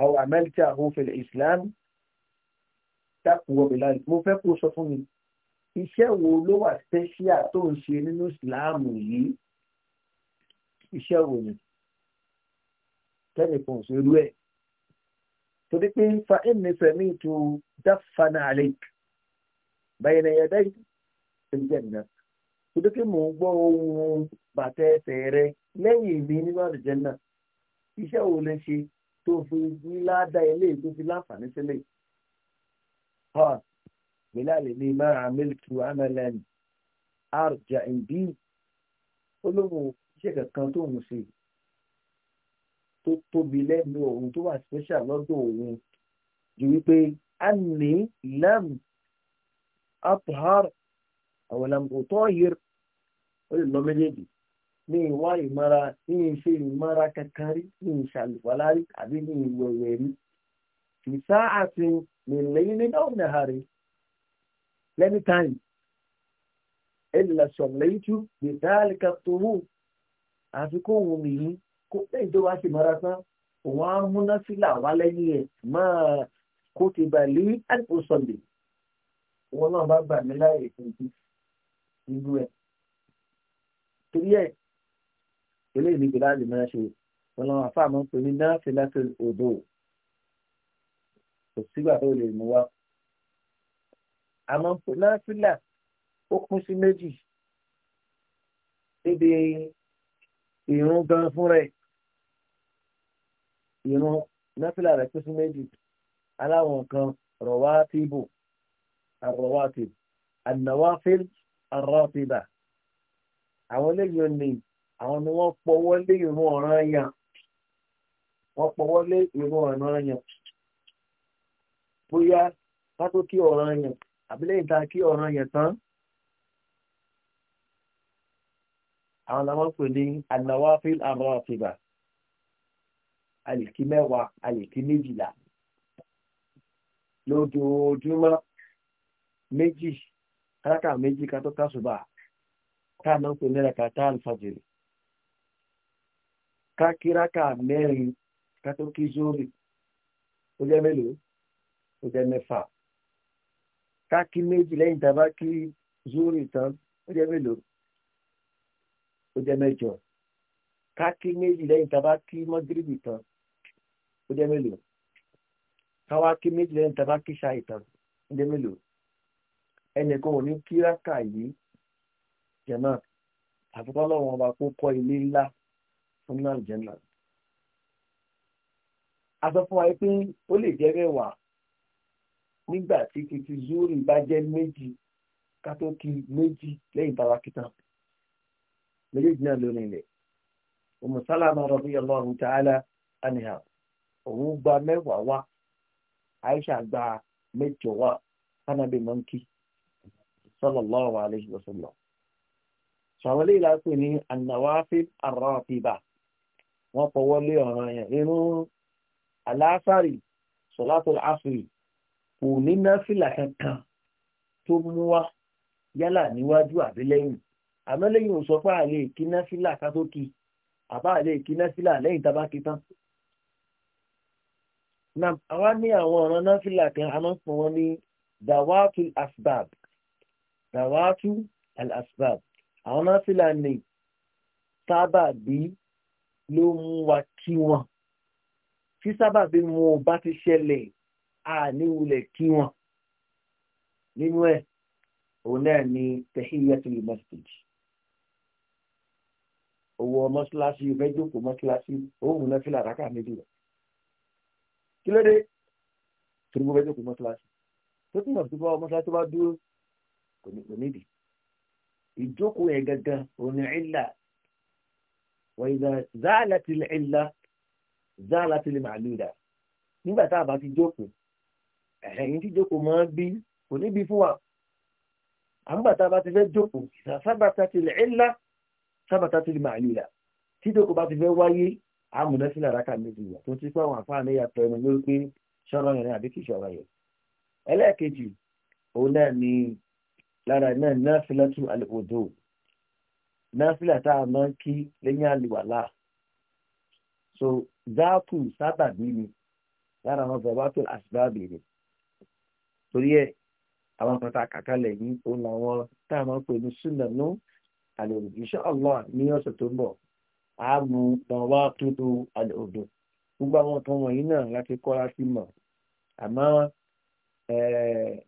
àwọn amẹ́lìtì àhófẹ́lẹ̀ Islam dákùwọ́ Bilal mo fẹ́ kó sọ fún mi iṣẹ́ wo ló wà spẹ́ṣíà tó ń ṣe nínú ìsìláàmù yìí iṣẹ́ wo ni tẹ́lifọ̀n ṣerú ẹ̀ torí pé fa ẹ̀mí fẹ̀mí tó dáfana àlejò bẹ́yìn ẹ̀yẹ dẹ́yìn ẹ̀jẹ̀ náà torí pé mò ń gbọ́ ohun bàtà ẹsẹ̀ rẹ lẹ́yìn mi nínú àdìjẹ́ náà iṣẹ́ wo lè ṣe tó fi ní ládà ilé tó fi láǹfààní sílẹ̀ ha bilal ní máa amílkì amẹ́lẹ́ni arja ìbí olóhùn iṣẹ́ kankan tó ń ṣe tó tóbi lẹ́nu òun tó wà special lọ́dọ̀ òun ju wípé a ní lẹ́mù. أطهر أو لم أطهر olùlọ́mẹ́lẹ́dì ní ìwá ìmọ̀ra ní ìṣe ìmọ̀ra kankan rí ní ìṣàlùwàlá rí àbí ní ìwẹ̀wẹ̀ rí fi sáà ti nìlẹ́yìn ní náà nà rí lẹ́ni táyì ẹ̀là sọ̀lẹ́yìn tú gbèdáàlì ká tòwó àfi kó wù mí yìí kó lẹ́yìn tó wá sí ìmọ̀ra tán òun á múná sílà wá lẹ́yìn ẹ̀ máa kó ti bà lé àdìpọ̀ sọ̀lẹ̀ wọn náà bá gbà mí láàyè fún ti irú ẹ̀ torí ẹ̀ eléyìí níbi láàyè máa ṣe wọn náà àfa àmọ́ pé ní náà fi láti odò kò sígbà tó lè mú wa àmọ́ náà fílà ó kún sí méjì níbi ìrún gan fúnra ẹ̀ ìrún náà fílà rẹ̀ kún sí méjì aláwọn kan rọ̀ wá tíbù. الرواتب، النوافل، الراتبة، àwọn eléyìí ni àwọn ni wọ́n pọ̀wọ́ lé ìrun ọ̀ràn yàn wọ́n pọ̀wọ́ lé ìrun ọ̀ràn yàn bóyá pátó kí ọ̀ràn yàn àbílẹ̀yìn tá a kí ọ̀ràn yàn tán àwọn làwọn pè ní ànàwáfíl àrọ̀tìbà àlèkí mẹ́wàá àlèkí méjìlá lójoojúmọ́ méjì rákà méjì ká tó kásùbà ká náà pè ní rákà tá àlùfàjìrì ká kí rákà mẹ́rin ká tó kí zórí ó jẹ́ mélòó ó jẹ́ mẹ́fà ká kí méjì lẹ́yìn tá a bá kí zórí tán ó jẹ́ mélòó ó jẹ́ mẹ́jọ ká kí méjì lẹ́yìn tá kí mọ́gírìbì tán ó jẹ́ mélòó ká wá kí méjì lẹ́yìn tá kí ṣáì tán ó jẹ́ mélòó ẹnìkan ò ní kíráka yìí jẹ̀nà àfikún ọlọ́run ọba kó kọ́ ilé ńlá fún náà jẹ̀nà. a sọ fún wa pé ó lè jẹ́ mẹ́wàá nígbà tí títí zúrì bá jẹ́ méjì ká tó méjì lẹ́yìn bàbá kìtàn méjèèjì náà lónìí rẹ̀ ọmọ sálámà radiyallahu ta'ala anha òun gba mẹ́wàá wá Aisha gba mẹ́jọ wá kánábì mọ́ńkì sallallahu alayhi wa sallam ṣàwọn ilé ìlàpè ní anáwáfí arratiba wọ́n fọwọ́ lé ọ̀ràn yẹn nínú aláṣàrì sọ̀látọ̀ àṣírí kò ní náfìlà kankan tó mú wá yálà níwájú àbí lẹ́yìn àmọ́ lẹ́yìn ò sọ pé àlè kí náfìlà ká tó kí àbá àlè kí náfìlà lẹ́yìn tábà kí tán. àwa ní àwọn ọ̀ràn náfìlà kan a máa ń pọ̀ wọn ní dawatul asbab dàwátú al-asbab àwọn náfìlà ni sábàbí ló mú wa kí wọn tí sábàbí mu ò bá ti ṣẹlẹ̀ àníwulẹ̀ kí wọn nínú ẹ̀ òun náà ni tahiyatul masjid owó mọ́ṣáláṣí ìfẹ́ jókòó mọ́ṣáláṣí òun náà fìlà rákà méjì rẹ̀ kí ló dé torí mo fẹ́ jókòó mọ́ṣáláṣí tó túmọ̀ sí pé ọmọ mọ́ṣáláṣí tó bá dúró kò níbi ìjókòó yẹn gangan òní ìlà wọ́n ìlà záàlá ti lè ìlà záàlá ti lè màlúùdà nígbà tá a bá ti jókòó ẹ̀yìn tí jókòó máa ń bí kò níbi fún wa àmúgbà tá a bá ti fẹ́ jókòó sábàtà ti lè ìlà sábàtà ti màlúùdà tí jókòó bá ti fẹ́ wáyé àmúná sílẹ̀ àràkà méjì wà tó ti pé àwọn àfáàní yàtọ̀ ẹnu lórí pé ṣọ́ra yẹn àbí kì ṣọ́ra yẹn ẹlẹ́ẹ̀kejì òun náà ni lára náà náfìlà tún àlùkòdò náfìlà tá a máa ń kí lẹ́yìn àlùwàlà so záàtù sábàbí ni lára àwọn zọ̀bátò àṣìbáàbì ni torí ẹ àwọn kan tá a kàkálẹ̀ yìí òun làwọn tá a máa ń pè ní súnànú àlùkòdò iṣẹ́ ọlọ́ọ̀ ní ọ̀sẹ̀ tó ń bọ̀ á mú lọ́wọ́ tó tó àlùkòdò gbogbo àwọn kan wọ̀nyí náà láti kọ́ra sí mọ̀ àmọ́ ẹ̀ẹ́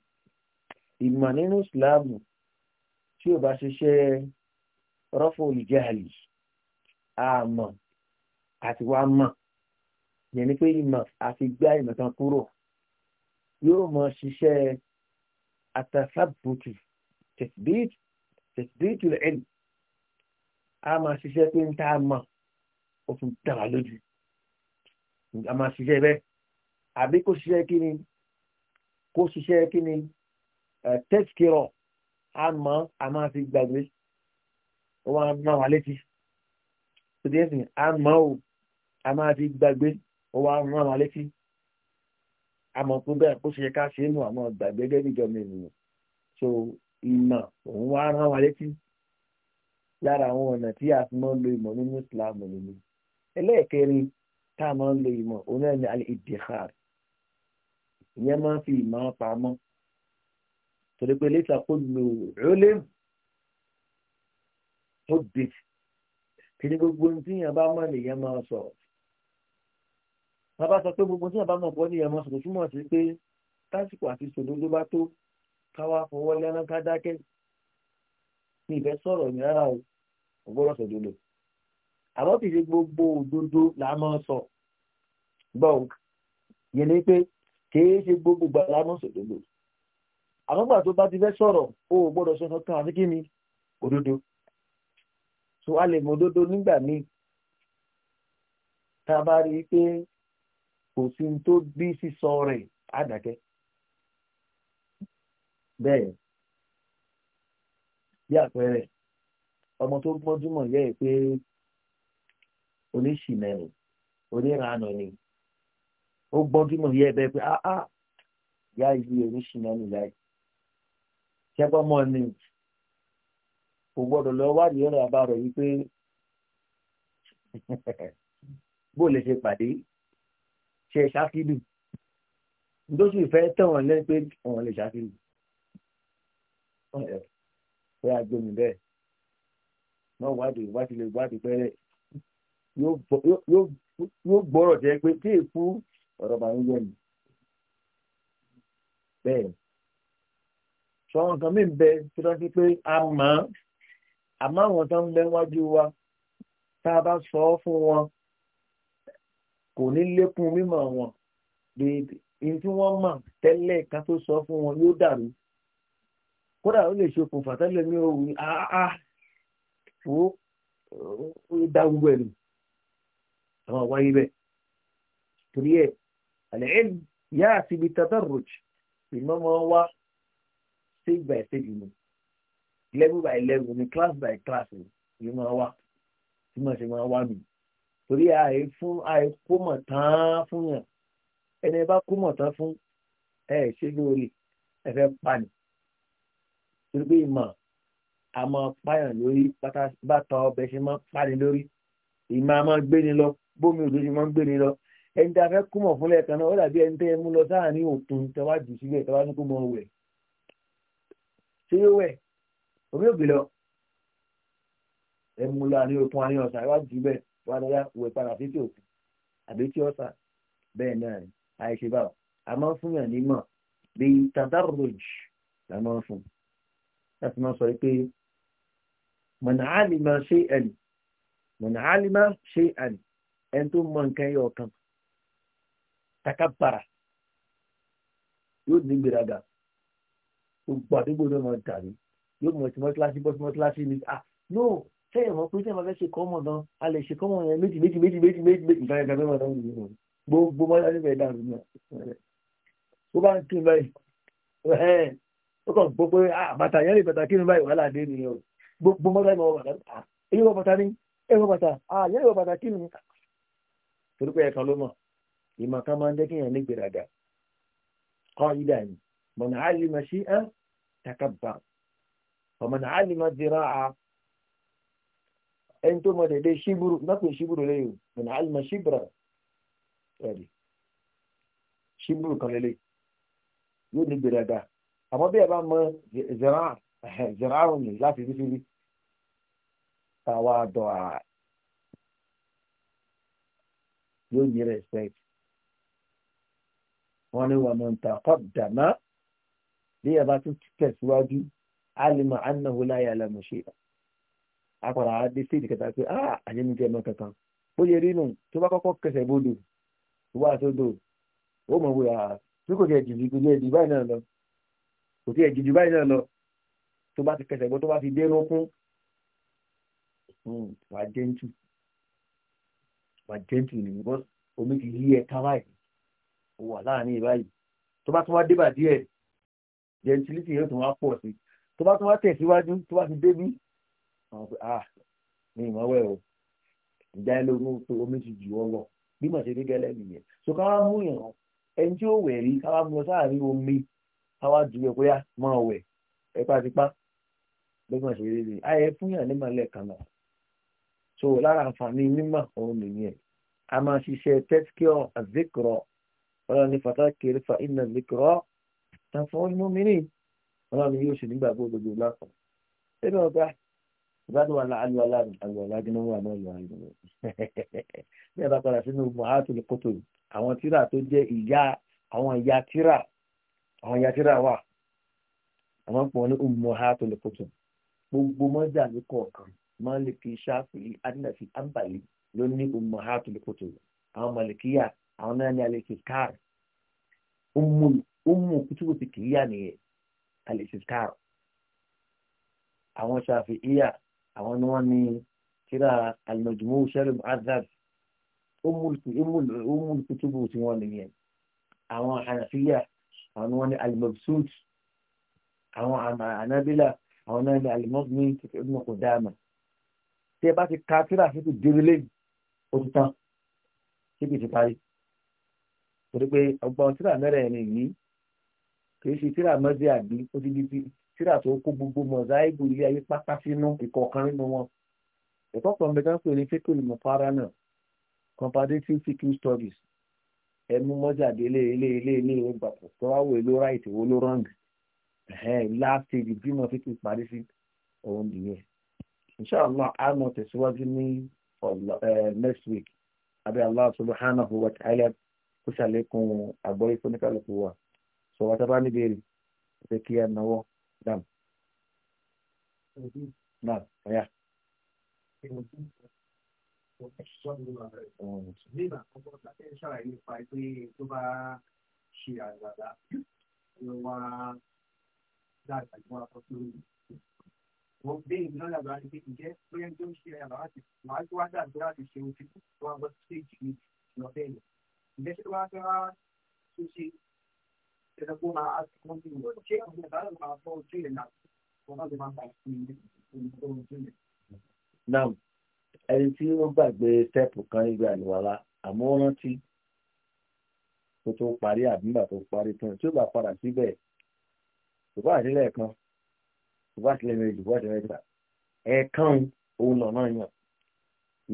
ìmọ̀ nínú ìsìláàmù tí ò bá ṣiṣẹ́ rọ́fò olùjẹ́hàlì àmọ̀ àti wá mọ̀ yẹn ni pé ìmọ̀ àti gbá ìmọ̀ kan kúrò yóò mọ ṣiṣẹ́ àtàfàbùtù tẹ̀síbíìtù ẹ̀lì a máa ṣiṣẹ́ pé ń tá a mọ̀ ó tún dára lójú a máa ṣiṣẹ́ bẹ́ẹ̀ àbí kó ṣiṣẹ́ kí ni kó ṣiṣẹ́ kí ni tẹ́tìkìrọ̀ àmọ́ a máa fi gbàgbé wọ́n á máa wà létí tó dé ẹ̀sìn àmọ́ ò a máa fi gbàgbé wọ́n á máa wà létí àmọ́ pé bẹ́ẹ̀ kó ṣe ká ṣe é nù àwọn gbàgbé gẹ́gẹ́ bíjọ mi nìyẹn so ìmọ̀ òun wá rán wa létí lára àwọn ọ̀nà tí a fi máa ń lo ìmọ̀ nínú Islam nínú ẹlẹ́ẹ̀kẹrin tá a máa ń lo ìmọ̀ òun náà ni al-idikhar ìyẹn máa ń fi ìmọ̀ pamọ́ torí pé létà kó lu rólé tó bìt kí ni gbogbo ohun tí èèyàn bá mọ̀ nìyẹn máa sọ bàbá sọ pé gbogbo ohun tí èèyàn bá mọ̀ pọ̀ nìyẹn máa sọ kò túmọ̀ sí pé tásìkò àti sòdó ló bá tó káwá fọwọ́ lẹ́nu ká dákẹ́ ní ìfẹ́ sọ̀rọ̀ ní rárá o kò gbọ́dọ̀ sòdó lò àmọ́ ṣe gbogbo òdodo là á máa sọ gbọ́n yẹn ni pé kì ṣe gbogbo gbà lá máa sòdó lò àmọ́gbà tó bá ti fẹ́ sọ̀rọ̀ o ò gbọ́dọ̀ sọ̀rọ̀ kan àti kí ni òdodo so a lè mọ òdodo nígbà míì tá a bá rí i pé kò sí ní tó bí sísọ rẹ̀ á dákẹ́ bẹ́ẹ̀ bí àpẹẹrẹ ọmọ tó gbọ́njúmọ̀ yẹ́ ẹ̀ pé oníṣìnà ẹ̀ ni ó gbọ́njúmọ̀ yẹ́ ẹ bẹ́ẹ̀ pé áá ìyá ìlú oníṣìnà nìyá ṣẹ́gbọ́n mọ́ ni kò gbọ́dọ̀ lọ wádìí ọ̀rọ̀ àbá rẹ̀ wípé bó lè ṣe pàdé ṣe ṣáfídù nítorí ìfẹ́ tán wọn lẹ́yìn pé wọn lè ṣáfídù pé agbomi bẹ́ẹ̀ náà wádìí wádìí lè wádìí pẹ́rẹ́ yóò gbọ́rọ̀ jẹ́ pé tí èkú ọ̀rọ̀ bàánú yẹ̀ ni bẹ́ẹ̀ sọ àwọn kan mìíràn bẹ tí wọ́n ti pé a mọ̀ ọ́n àmọ́ àwọn tó ń bẹ wájú wa tá a bá sọ ọ́ fún wọn kò ní lékún mímọ̀ wọn déédéé èyí tí wọ́n mọ̀ tẹ́lẹ̀ ká tó sọ fún wọn yóò dàrú kódà ó lè ṣokùnfà tẹ́lẹ̀ mi ò wí áá fún dá gbogbo ẹ̀rù àwọn wáyé bẹ́ẹ̀ torí ẹ̀ àlẹ́ ẹ̀ yá àti ibi tabarruj ìmọ̀ wọn wá stage by stage know. level by level you know. class by class ni máa wá tí máa ṣe máa wá mi torí àì fún àì kó mọ̀ tán fún yàn ẹni bá kó mọ̀ tán fún ẹ ṣe lóore ẹ fẹ́ pa ni torí pé ìmọ̀ a máa pààyàn lórí bàtà ọbẹ̀ ṣe máa pa ni lórí ìmọ̀ a máa gbé ni lọ bómi òdo ṣe máa ń gbé ni lọ ẹni tí a fẹ́ kó mọ̀ fúnlẹ̀ kan náà ó dàbí ẹni tẹ́ ẹ mú lọ sáàárín òkun tẹ́wájú sílẹ̀ tẹ́wájú kó mọ̀ wẹ̀ ṣé yóò wẹ̀ omi ògbè lọ ẹ mú lọ àní okun àní ọ̀sán wá jù bẹ́ẹ̀ wá lọ́yà wẹ̀ padà sí tí òkun àbí tí ọ̀sán bẹ́ẹ̀ náà ni àìṣe báwọ̀ a máa ń fún yàn nímọ̀ bíi tadarruj la máa ń fún láti máa sọ pé mọ̀nà àlìmá ṣe ẹ̀lì mọ̀nà àlìmá ṣe ẹ̀lì ẹni tó mọ nǹkan ẹyọ kan takabara yóò ní gbèrágà gbogbo àdúgbò náà máa dàrú yóò mọ̀ sí mọ́tíláṣí ni ah no sẹ́yìn mọ́ pé sẹ́yìn máa fẹ́ ṣe kọ́mọ̀ náà a lè ṣe kọ́mọ̀ yẹn méjì méjì méjì méjì méjì méjì nǹkan ẹ̀ka mẹ́wàá náà nìyí nù gbogbo mọ́tíláṣí fẹ́ dàrú náà ó bá ń kí mi báyìí ó kàn gbọ́ pé ah bàtà yẹn lè bàtà kí mi báyìí wàhálà dé nìyẹn o gbogbo mọ́tíláṣí máa wọ bàtà ah èyí wọ bàtà ni èyí wọ bàtà ah yẹn lè wọ bàtà kí mi ni من علم شيئا تكبر ومن علم الذراع انتم لدي شبر نقول شبر لي من علم شبرا يعني شبر كان لي يقول لي برادا اما بيبا ما زراع زراع لا في ذي تواضع يوني ريسبكت وانا ومن تقدم bí ẹ bá tún tẹ̀síwájú alima annahu la ya'lamu shay'a apàdà adé stéèdì kẹta pé ah àyẹ̀mí jẹ́ ẹ̀mọ́ kankan bó yẹ rí nù tó bá kọ́kọ́ kẹsẹ̀ bodò wá sódò ó mọ̀ wíwá ah, tí kò tiẹ̀ jìjì kò tiẹ̀ jì báyìí náà lọ kò tiẹ̀ jìjì báyìí náà lọ tó bá ti kẹsẹ̀ bọ́ tó bá ti dé rókún hmm, wà á jẹ́ntù wà á jẹ́ntù nìyí bọ́ omi ti yí ẹ ká wà láàrin ìbáyìí tó bá tún wá débà díẹ̀ gentility yóò tún wá pọ̀ sí tó bá tún wá tẹ̀síwájú tó bá ti débí àwọn pé ah mi ìmọ̀ wẹ̀ o ìjà ẹlòmíì tó omi ti jù ọ lọ bí màá ṣe rí gẹ́lẹ́ nìyẹn so ká wá mú ìràn ẹni tí ó wẹ̀ rí ká wá mú ọ sáàrin omi ká wá ju ẹ̀kọ́ yá máa wẹ̀ ẹ pàtípá bí màá ṣe rí rí ayẹ fún yàn ní màlẹ́ kan náà so lára àǹfààní mímọ̀ òun nìyẹn a máa ṣiṣẹ́ tẹ́tíkẹ́ ọ̀ àzíkọ̀rọ̀ ọlọ́ni fàtàkì fa iná zíkọ̀rọ̀ àǹfọwọ́ ni mo mìíràn ọlọ́run yóò ṣe nígbà gbogbo lápá ẹni ọ̀gá ìbádùn wàhálà alùwàlà alùwàlà gíná wà náà lọ àìsàn bí ẹ bá padà sínú mohatul kótó àwọn tíra tó jẹ ìyá àwọn ìyá tíra àwọn ìyá tíra wà àwọn pọ̀ ní mohatul kótó gbogbo mọ́jà ní kọ̀ọ̀kan mọ́lìkì ṣáfì adínàfi àǹbàlì ló ní mohatul kótó àwọn mọ̀lìkìyà àwọn náà ní alẹ́ kíkàr umu kutubu fikiria nìyẹn alisikar àwọn ṣàfihìyà àwọn ni wọ́n ní kíra alimọ̀jùmọ́ sẹ́rì mu'adhab umu kutubu tí wọ́n nìyẹn àwọn hanafiya àwọn ni wọ́n ní alimọ̀bsut àwọn anabila àwọn náà ní alimọ̀gbìn ibn Qudama tí ẹ bá ti ka kíra sí ti dérélé tán síbi ti parí torí pé ọgbọ́n tíra mẹ́rẹ̀ẹ́rin yìí kìí ṣe tíra mọ́sí àbí ó ti di tíra tó kó gbogbo mọ̀záìbù ilé ayé pátá sínú ìkọ̀ọ̀kan nínú wọn. ẹ̀kọ́ kan bẹ tán pé ní fẹ́kọ̀ọ́ ìmọ̀ para náà comparative thinking studies ẹnu mọ́sí àbí ilé ilé ilé ilé ìwé gbàpọ̀ tó wá wò ló ráìtì wo ló rọ́ǹgì last stage bí mo fi ti parí sí òun nìyẹn. inshallah a mọ̀ tẹ̀síwájú ní next week abẹ́ Allah subhanahu wa ta'ala kó ṣàlékún àgbọ̀yé fúnikálùkù wa sọ̀rọ̀ tá a bá ní béèrè ṣe kí ẹ náwó dàm. náà ọ̀yà. nígbà àkọ́kọ́ tá a fẹ́ ṣàlàyé nípa pé tó bá ṣe àgbàdá ló wá dáadáa ìwà àkọ́kọ́ lórí wọ́n gbé iná yàrá ibi ìjẹ́ bóyá tó ń ṣe yàrá láti máa tó wá dàgbé láti ṣe ojú tó wá bọ́ sí stage ní ìlọ́fẹ́ yẹn ìjẹ́ tó wá fẹ́ wá tó ṣe que se pueda hacer llega a aumentar para todo Chile, la zona de masa en todo Chile. Now, ẹni tí ó gbàgbé stẹ́ẹ̀pù kan ìgbà ìwàlá àmọ́ rántí tó tó parí àbígbà tó parí tán tí ó bá padà síbẹ̀ kò àtìlẹ̀ kan kò bá àtìlẹ̀ méjì kò bá àtìlẹ̀ mẹ́ta ẹ̀ẹ̀kan òun lọ́nà yàn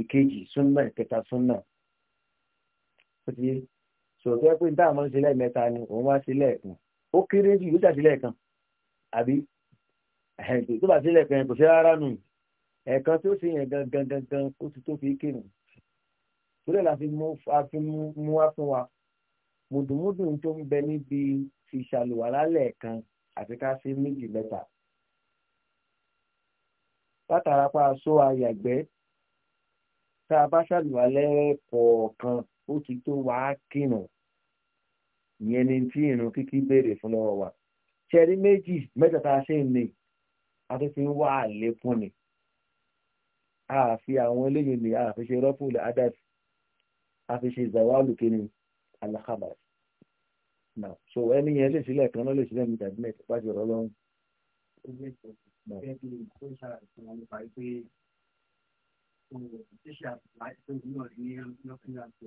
ìkejì súnmọ́ ìkẹta súnmọ́ ó ti sọ fẹ́ pé níta àmọ́ ń ṣe lẹ́ẹ̀mẹ́ta ni òun wá ṣe lẹ́ẹ̀kan ó kéré jù yóò ṣàṣe lẹ́ẹ̀kan àbí tó bá ṣe lẹ́ẹ̀kan kò ṣe rárá nù ẹ̀ẹ̀kan tó ṣe yẹn gangan gangan ó ti tó fi kírun tó la fi mú mú wá fún wa mùdùmùdùn tó ń bẹ níbi ìṣàlùwàlá lẹ́ẹ̀kan àti ká sí méjì mẹ́ta látara pa aṣọ àyàgbẹ́ tá a bá ṣàlùwà lẹ́ẹ̀kọ̀ọ̀kan ó ti tó wàá kírun ìyẹn ni tí irun kíkí béèrè fún lọ́wọ́ wa ṣẹ́rí méjì mẹ́ta tá a ṣe ń ní a tó fi ń wá àlékún ni a fi àwọn eléyìí ni a fi ṣe rọ́pùlù adat a fi ṣe zawalu kini alakhabar now so ẹni yẹn lè sílẹ̀ kan náà lè sílẹ̀ ní cabinet bá ti rọ́ lọ́rùn. Ṣé ṣe àpò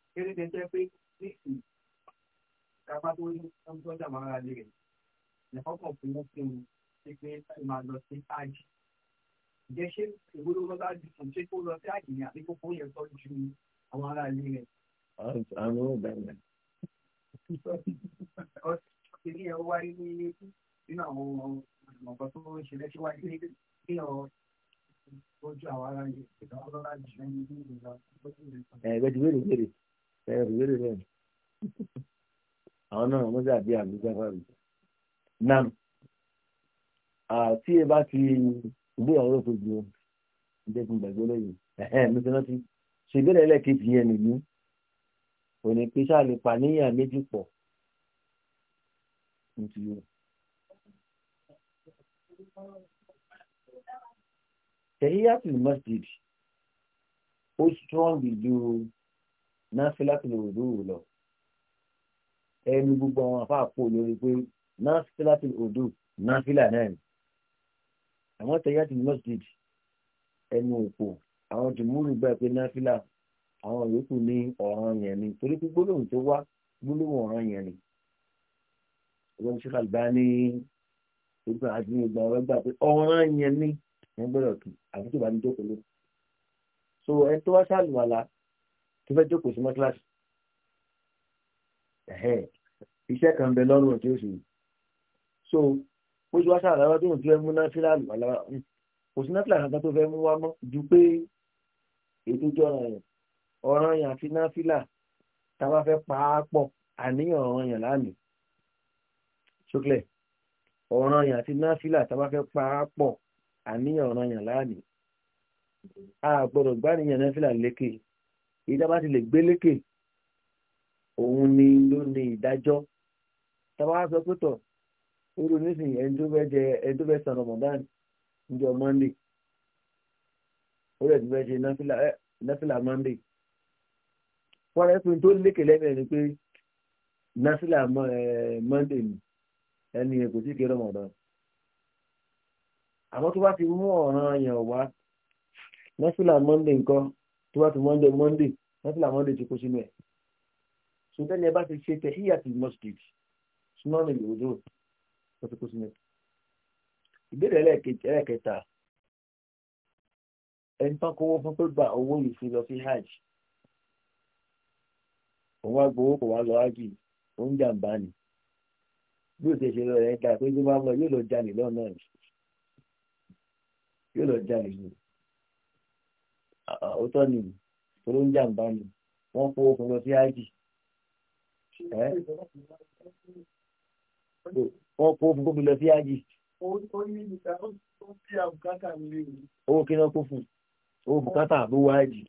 kéré tẹ tẹ pé ní ìsìn kápá tó ní ọjọ́ àwọn ará rẹ̀ nìkan kàn fún wọn fún un ṣe pé láti máa lọ sí ájì ǹjẹ́ ṣé ìgbóná lọ́lá dùn ṣé kó lọ sí ájì ni àbí kókó yẹn tọ́ ju àwọn ará ilé rẹ̀. àwọn ò bẹ̀rẹ̀. ọ̀sẹ̀ yẹn wáyé ní nínú àwọn ọ̀gbọ̀n tó ń ṣe lẹ́sẹ̀ wáyé ní ojú àwọn ará ilé ìgbà ọlọ́lá jù lẹ́yìn ìgbà tó ń ṣe ẹrù yóò lè rẹ àwọn náà wọn dàbí àbújá bá rí nam tí ẹ bá ti ìgbéyàwó tó ju ilé fún gbàgbé lóyún ẹhẹn mi ti rántí ṣègbèrè ẹlẹ́kejì yẹn nìyí òní pé sáà lè pàníyàn méjì pọ̀ nítorí tẹ̀yíyá sí masjid o strong do nafilatul wudu lọ ẹnu gbogbo àwọn afáàpọ̀ lórí pé nafilatul wudu nafila náà ni àwọn tẹ̀yàtì masjid ẹnu òpó àwọn jùmúrù gbà pé nafila àwọn yòókù ní ọ̀ràn yẹn ni torí pé gbólóhùn tó wá gbólóhùn ọ̀ràn yẹn ni ọgbọ́n ṣe kàlùbá ní gbogbo àti ìgbà ọ̀rọ̀ gbà pé ọ̀ràn yẹn ni wọ́n gbọ́dọ̀ kì àti tó bá ló so ẹ tó wá ṣàlùwàlà tó fẹ́ jókòó sí mọ́ṣáláṣí iṣẹ́ kan bẹ lọ́rùn tí ó sì so ó ti wá sàrànwọ́ tó ń fẹ́ mú náfìlà lọ́wọ́ hmm, kò sí náfìlà kankan tó fẹ́ mú wá mọ́ ju pé ètò ìjọra yẹn ọ̀ràn yẹn àti náfìlà tá a bá fẹ́ pa á pọ̀ àníyàn ọ̀ràn yẹn lánìí ṣókèlè ọ̀ràn yẹn àti náfìlà tá a bá fẹ́ pa á pọ̀ àníyàn ọ̀ràn yẹn lánìí a gbọ́dọ̀ gbá níyàn èyí tá a bá ti lè gbé òun ni ló ní ìdájọ́ tá a bá sọ pé tọ̀ irú nísìnyí ẹni tó fẹ́ jẹ ẹni tó fẹ́ san Ramadan níjọ Monday ó rẹ̀ tó fẹ́ ṣe náfìlà Monday fọ́nrán ẹ̀sìn tó lékè lẹ́mìí ni pé náfìlà Monday ni ẹni yẹn kò sí kí Ramadan àmọ́ tó bá ti mú ọ̀ràn yẹn wá náfìlà Monday nǹkan tó bá ti mọ́ndé mọ́ndé nọ́tìlà mọ́ndé ti kó sínú ẹ̀ so tẹ́lẹ̀ ẹ bá ti ṣe tẹ̀híyà ti mọ́sídìd súná ní ìlòdò tó ti kó sínú ẹ̀ ìbéèrè ẹlẹ́ẹ̀kẹta ẹni tán kówó fún pé gba owó yìí fi lọ sí hajj òun wá gbowó kò wá lọ hajj òun jàǹbá ni bí o ti ṣe lọ rẹ̀ ń ta pé bí wọ́n bá lọ yóò lọ jalè lọ́nà yìí yóò lọ jalè yìí ọ̀tọ̀ ni tó ló ń jàǹbá ni wọ́n kó okùn lọ sí áìdì wọ́n kó okùn kóbi lọ sí áìdì. owó kí náà kó fún owó bùkátà ló wá áìdì.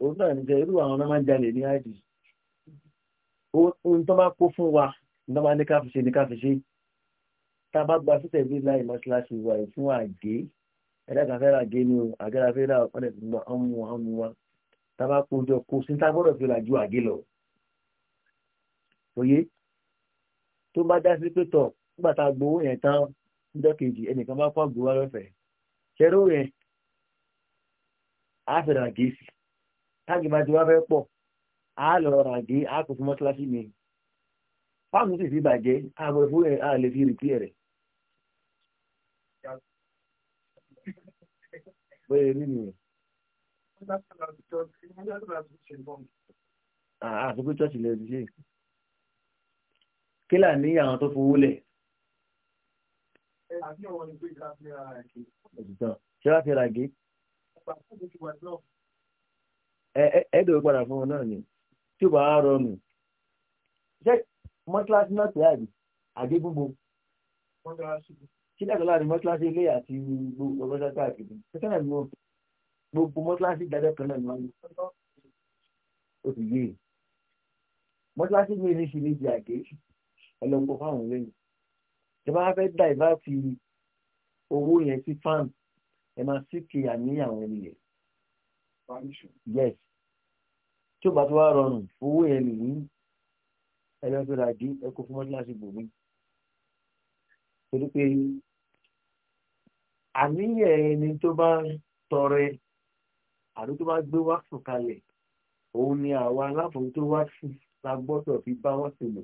òun náà ní jẹ́ irú àwọn ọmọ máa ń jalè ní áìdì. ohun tó bá kó fún wa ní wọ́n máa ní ká fi ṣe ní ká fi ṣe tá a bá gba sítẹ̀ bí láì mọ́ṣáláṣí wa yìí àgé ẹ̀dá àgé ni o àgẹ́ra fẹ́ ra ọ̀pọ̀lọpọ̀ gbọ́n ọmú wa ọmú wa tá a bá kójọ kó sí tá a gbọ́dọ̀ fi ra ju àgé lọ. òye tó bá dá sí pé tọ̀ nígbà tá a gbowó yẹn tán níjọ́ kejì ẹnìkan bá kó àgbò wa lọ́fẹ̀ẹ́ ṣẹ́rú yẹn á fẹ́ ra àgé sí táàgì bá ti wá fẹ́ pọ̀ á lọ ra àgé á kó fún mọ́ṣáláṣí mi fáàmù sì fi bàjẹ́ àgbẹ̀fọ́ yẹn á lè fi rìpí rẹ̀ bóyá ní nìyẹn. àfikún chọ́ọ̀chì lè ṣe kí là ní àwọn tó fowó lẹ̀. ṣé wàá fi ra gé. ẹ̀ẹ́dọ̀ padà fún wọn náà ni tí ó bá rọrùn ṣé mọ́tíláṣí náà tẹ̀ àdé gbogbo kí dàgbà láàrin mọ́tíláṣí ilé àti gbogbo ọgọ́sá káàkiri ṣẹ́kẹ́ náà ni wọ́n gbogbo mọ́tíláṣí dájọ́ kan náà ni wọ́n ó sì yé mọ́tíláṣí mi ní ṣe méjì àgé ẹlọ́pọ̀ fáwọn lẹ́yìn tí wọ́n bá fẹ́ dá ìbá owó yẹn sí fan ẹ máa sí kí àníyàn àwọn ènìyàn yes tí ó bá tó wá rọrùn owó yẹn nìyí ẹlọ́pẹ̀rẹ̀ àdí ẹkọ fún mọ́tíláṣí bòmí torí pé àníyàn ẹni tó bá tọrẹ àbí tó bá gbé wá sùn òun ni àwa aláfojútó wá sí la gbọ́dọ̀ fi bá wọ́n sì lò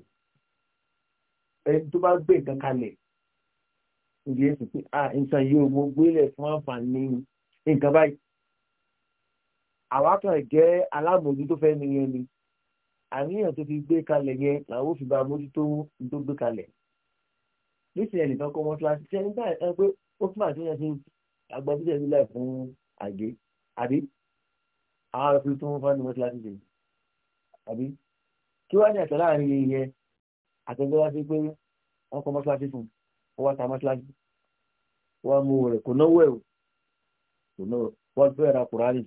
ẹni tó bá gbé nǹkan kalẹ̀ ìdí èsì pé à nǹkan yìí ò mo gbélé fún àǹfààní nǹkan báyìí àwa kan jẹ́ alábòójútó fẹ́ nìyẹn ni àníyàn tó fi gbé kalẹ̀ yẹn làwọn ò fi bá mójútó tó gbé kalẹ̀ nísìnyẹn nìkan kọ́ mọ́ṣáláṣí ṣe nígbà yẹn pé ó túmọ̀ àti yẹn ti agbọ́sílẹ̀ nílẹ̀ fún àgé àbí àwọn ará fi tó ń fọ́nù wọn kíláàsì ṣe àbí kí wọ́n ní ẹ̀tọ́ láàrin iye àtẹ̀gbẹ́ wá sí pé wọ́n kọ́ mọ́ṣáláṣí fún ó wá ta mọ́ṣáláṣí wọ́n mú rẹ̀ kò náwó ẹ̀ kò náwó wọ́n fẹ́ ra kùránì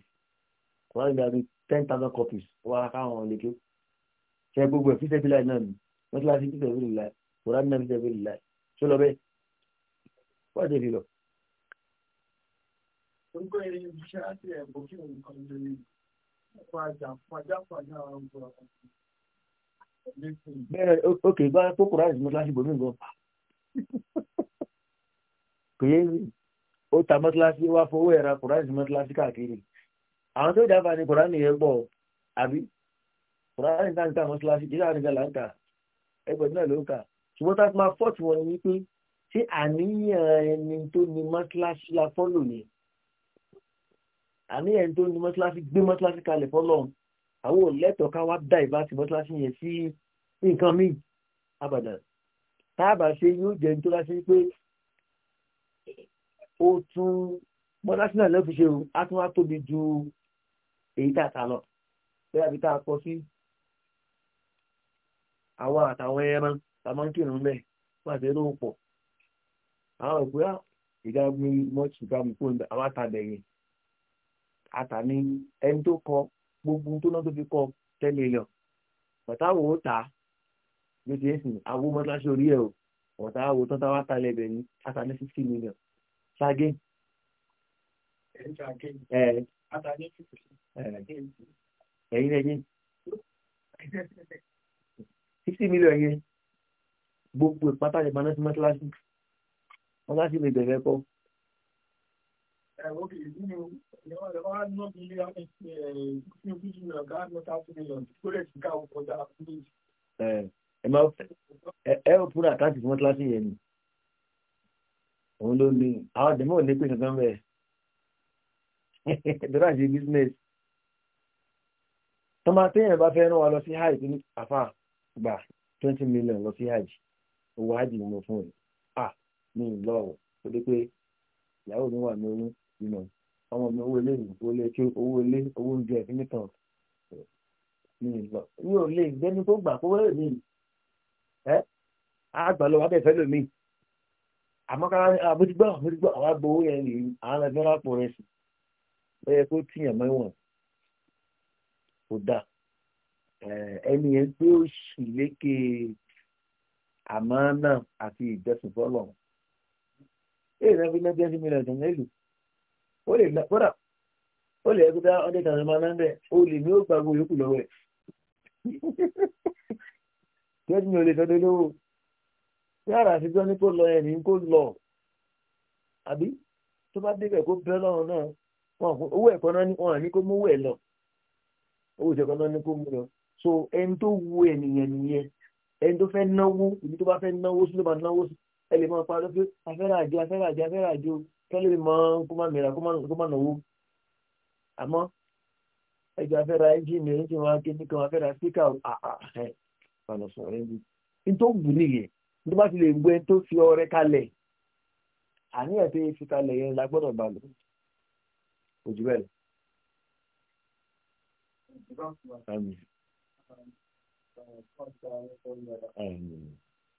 kùránì bí a bí ten thousand copies wọ́n á káwọn lékè ṣe gbogbo ẹ̀ fíṣẹ́ fílẹ̀ náà ni mọ́ṣáláṣí fíṣẹ́ fílẹ̀ kùránì náà fíṣẹ́ fílẹ̀ ṣó lọ bẹ́ẹ̀ Pode What did he look? Bẹ́ẹ̀ ok gba fókùrá ìsinmi láti bòmí gan. Kò yé mi, ó ta mọ́tíláṣí wá fowó ẹ̀ra kùrá era mọ́tíláṣí as Àwọn tó dáfà ní kùrá nìyẹn pọ̀, àbí? Kùrá ìsinmi mọ́tíláṣí, ìlànà ìgbà là ń kà, ẹgbẹ̀rún náà ló ń kà. Ṣùgbọ́n tá a ti máa fọ́ọ̀tì wọn ni wípé ṣé àníyàn ẹni tó ní mọ́ṣáláṣí afọ́lò yẹn àníyàn ẹni tó ní mọ́ṣáláṣí gbé mọ́ṣáláṣí kalẹ̀ fọ́lọ́run àwọn olẹ́tọ̀ọ́ ká wá dá ìbá ti mọ́ṣáláṣí yẹn sí nǹkan míì abàdàn táàbà ṣe yóò jẹ́ ní tó láṣẹ pé ó tún mọ́ṣáláṣí náà lọ́ọ́ fi ṣe o á tún wá tóbi ju èyí tá a ta lọ bẹ́ẹ̀ àbí tá a kọ sí àwọn àtàwọn ẹran tá a máa ń kírun bẹ́ẹ̀ wọ́n àti pọ̀ àwọn òpè á ah, ìjà mi mọ́tì ìjà mi kó àwọn àtàbẹ̀yìn àtà ni ẹni tó kọ gbogbo tó náà tó fi kọ ten million bàtà wò ó tà á bí ti ń sìn àwọn mọ́tíláṣí orí ẹ̀ o ọ̀tá wo tán táwa ta lẹ́bẹ̀ẹ́ ní àtà ní fifty million ṣáàgé. ẹ̀yin ẹ̀yin fifty million yẹn gbogbo ìpátá ìpamọ́ sí wọ́n sá sí lè bẹ̀rẹ̀ kọ́. ẹ máa ẹ ò fún àkáǹtì fún kíláàsì yẹn ni òun ló ní àwọn àdèmọ́ ní pé kankan bẹ́ẹ̀ dọ́là ṣe business tọ́mọ téèyàn bá fẹ́ rán wa lọ sí hajj ní àfà gbà twenty million lọ sí hajj owó hajj ni mo fún ẹ mi lọ o ó dé pé ìyàwó mi wà ní oyún ìmọ̀ ọmọ mi owó ilé mi owó ilé tí owó ilé owó oúnjẹ nìkan mi lọ mi ò lè gbẹ́ni tó gbà kó wẹ́rẹ́ mi ẹ́ àgbà lọ́wọ́ abẹ́fẹ́ lómi àmọ́ ká àbójúgbọ́ àbójúgbọ́ àwọn agbowó yẹn lè àwọn ẹgbẹ́ rápò rẹ̀ sí ó yẹ kó tíyàn mẹ́wọ̀n kò dáa ẹni yẹn pé ó sì lékè àmọ́ náà àti ìjọsìn fọlọ́run èyí náà fi ná twenty million tó mẹ́lù ó lè gbà kódà ó lè ẹgbẹ́ dá hundred thousand máa náà bẹ̀ ó lè ní ó gba owó yòókù lọ́wọ́ ẹ̀ twenty million lè tọ́jú lówó yàrá àtijọ́ ní kó lọ ẹ̀mí kó lọ àbí tó bá débẹ̀ kó bẹ́ lọ́rùn náà owó ẹ̀kọ́ náà wọn à ní kó mówó ẹ̀ lọ owó ìṣẹ̀kọ́ náà ní kó mú lọ so ẹni tó wu ènìyàn nìyẹn ẹni tó fẹ́ náwó ibi tó bá fẹ́ náwó sí ló máa náwó sí ẹ lè máa parọ́ pé afẹ́rẹ́ àjò afẹ́rẹ́ àjò afẹ́rẹ́ àjò kí lè mọ kó má mìíràn kó má nàwó àmọ́ ẹjọ́ afẹ́rẹ́ ẹ́ńjìnì ẹ́ńjìnì wọn kí ní kan afẹ́rẹ́ síkà àhẹ́ ọ̀nà sọ̀rọ̀ ẹ́ńjìnì ní tó wù nìyẹn tó bá ti lè gbé tó fi ọrẹ kalẹ̀ àníyàn tó yẹ fi kalẹ̀ yẹn la gbọ́dọ̀ bá lò òjú bẹ́ẹ̀ lọ. Amen. Amen.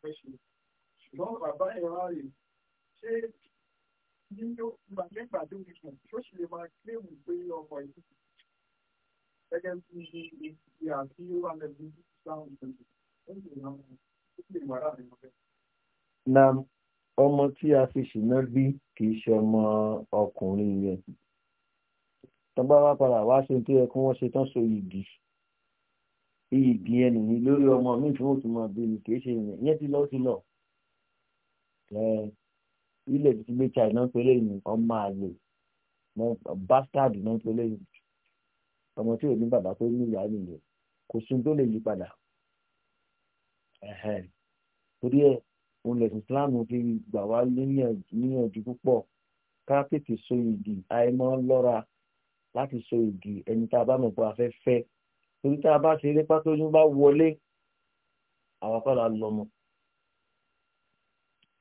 fẹ́ ṣe ṣùgbọ́n bàbá ẹ̀ wá rè ṣé nígbà tó ti sùn tó sì lè máa kílèmù pé ọmọ yìí gẹ́gẹ́ bí ibi àti wà lẹ́bi sáwọn ìṣẹ̀lẹ̀ ó lè máa ó lè wà láàrin ọ̀fẹ́. na ọmọ tí a fi ṣìnà bí kì í ṣe ọmọ ọkùnrin yẹn tọ́gbà wá padà wá ṣe tó yẹ kí wọ́n ṣe tán so yìí dì í ìgbì ẹnì yìí lórí ọmọ mi tí wọ́n tún máa bí mi kì í ṣe ìyẹn ìyẹn ti lọ sí lọ ilẹ̀ ti gbé China pẹ̀lẹ́ yìí ọmọ àlè bastard náà pẹ̀lẹ́ yìí ọmọ tí ò ní bàbá tó ní ìyá nìyẹn kò sun tó lè yí padà torí ẹ òun lẹ̀sìn Islam fi gbà wá níyànjú púpọ̀ ká tètè so ìdì àìmọ́ lọ́ra láti so ìdì ẹni tá a bá mọ̀ pé a fẹ́ fẹ́ torí tá a bá ṣe eré pátóyún bá wọlé àwọn kọ́ la lọ́mọ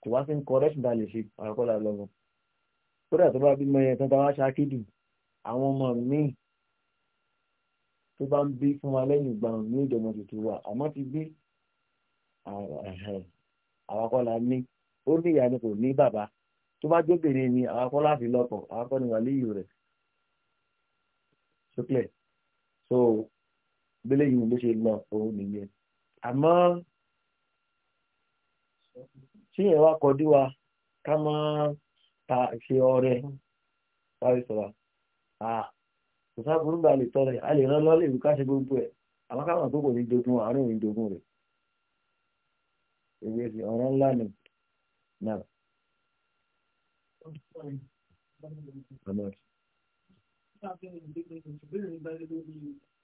kò wá sí ní correction tá a lè ṣe àwọn kọ́ la lọ́mọ kódà tó bá bímọ yẹn tán tá a wá ṣàkídù àwọn ọmọ míì tó bá ń bí fún wa lẹ́yìn ìgbà ní ìjọba tuntun wa àmọ́ ti bí àwọn kọ́ ní ó ní ìyá ni kò ní bàbá tó bá jóbìnrin ni àwọn kọ́ láti lọ́pọ̀ àwọn kọ́ ni wà léyìí rẹ̀ sókè so bẹ́lẹ̀ yìí ló ṣe lọ òun nìyẹn àmọ́ tí yẹn wá kọjú wa ká máa ta ṣe ọrẹ sáré sọ̀rọ̀ kò sáàbùrú gbà lè tọrẹ a lè rán lọ́lẹ̀ ìlú káṣe gbogbo ẹ̀ àwọn káwọn tó kò ní dogun àárín òní dogun rẹ̀ èyí ẹ̀sìn ọ̀ràn ńlá ni náà. Thank you.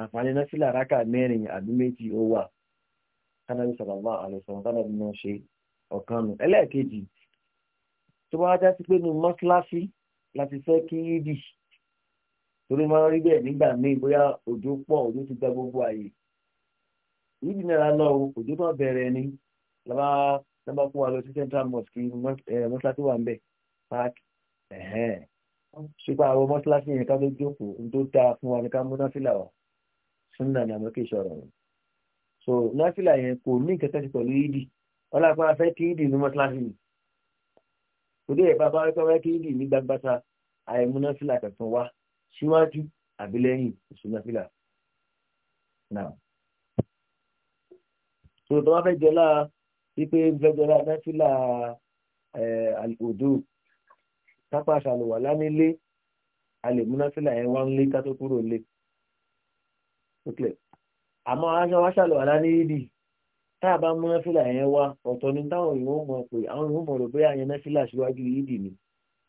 àǹfààní náfìlà rákà mẹ́rin àbí méjì ó wà kánábì sàlámà àlẹ́sàn kánábì náà ṣe ọ̀kan nù ẹlẹ́ẹ̀kejì tó bá já sí pé nu mọ́síláṣí láti fẹ́ kí yídì torí máa ń rí bẹ́ẹ̀ nígbà míì bóyá òjò pọ̀ òjò ti gba gbogbo àyè yídì náà lọ òjò náà bẹ̀rẹ̀ ni lọ́ba lọ́ba fún wa lọ sí central mosque mọ́síláṣí wà ń bẹ̀ páàkì ṣùgbọ́n àwọn mọ́síláṣí yẹn ká ló jókòó ń tó dáa fún wa ní ká múná sílà wà sunna ni àmọ́ kì í ṣọ̀rọ̀ rẹ̀ so náfìlà yẹn kò ní kẹkẹ́ sí pẹ̀lú ìdì ọlọ́pàá afẹ́ kí ìdì ní mọ́tíláṣí ni òde ẹ̀ bàbá wípé wọ́n kí ìdì ní gbagbata àìmú náfìlà kankan wá síwájú àbí lẹ́yìn oṣù náfìlà náà so tó bá fẹ́ jọlá wípé fẹ́ jọlá náfìlà àlùkòdó kápá àṣàlùwà lánilé a lè mú náfìlà yẹn wá ń lé ká kúrò lé òkèlè àmọ́ aṣọ wa ṣàlọ̀ tá a bá mú nẹ́fìlà yẹn wá ọ̀tọ̀ ni táwọn èèyàn ó mọ̀ pé àwọn èèyàn mọ̀ rò pé àyẹn nẹ́fìlà síwájú ìdí ni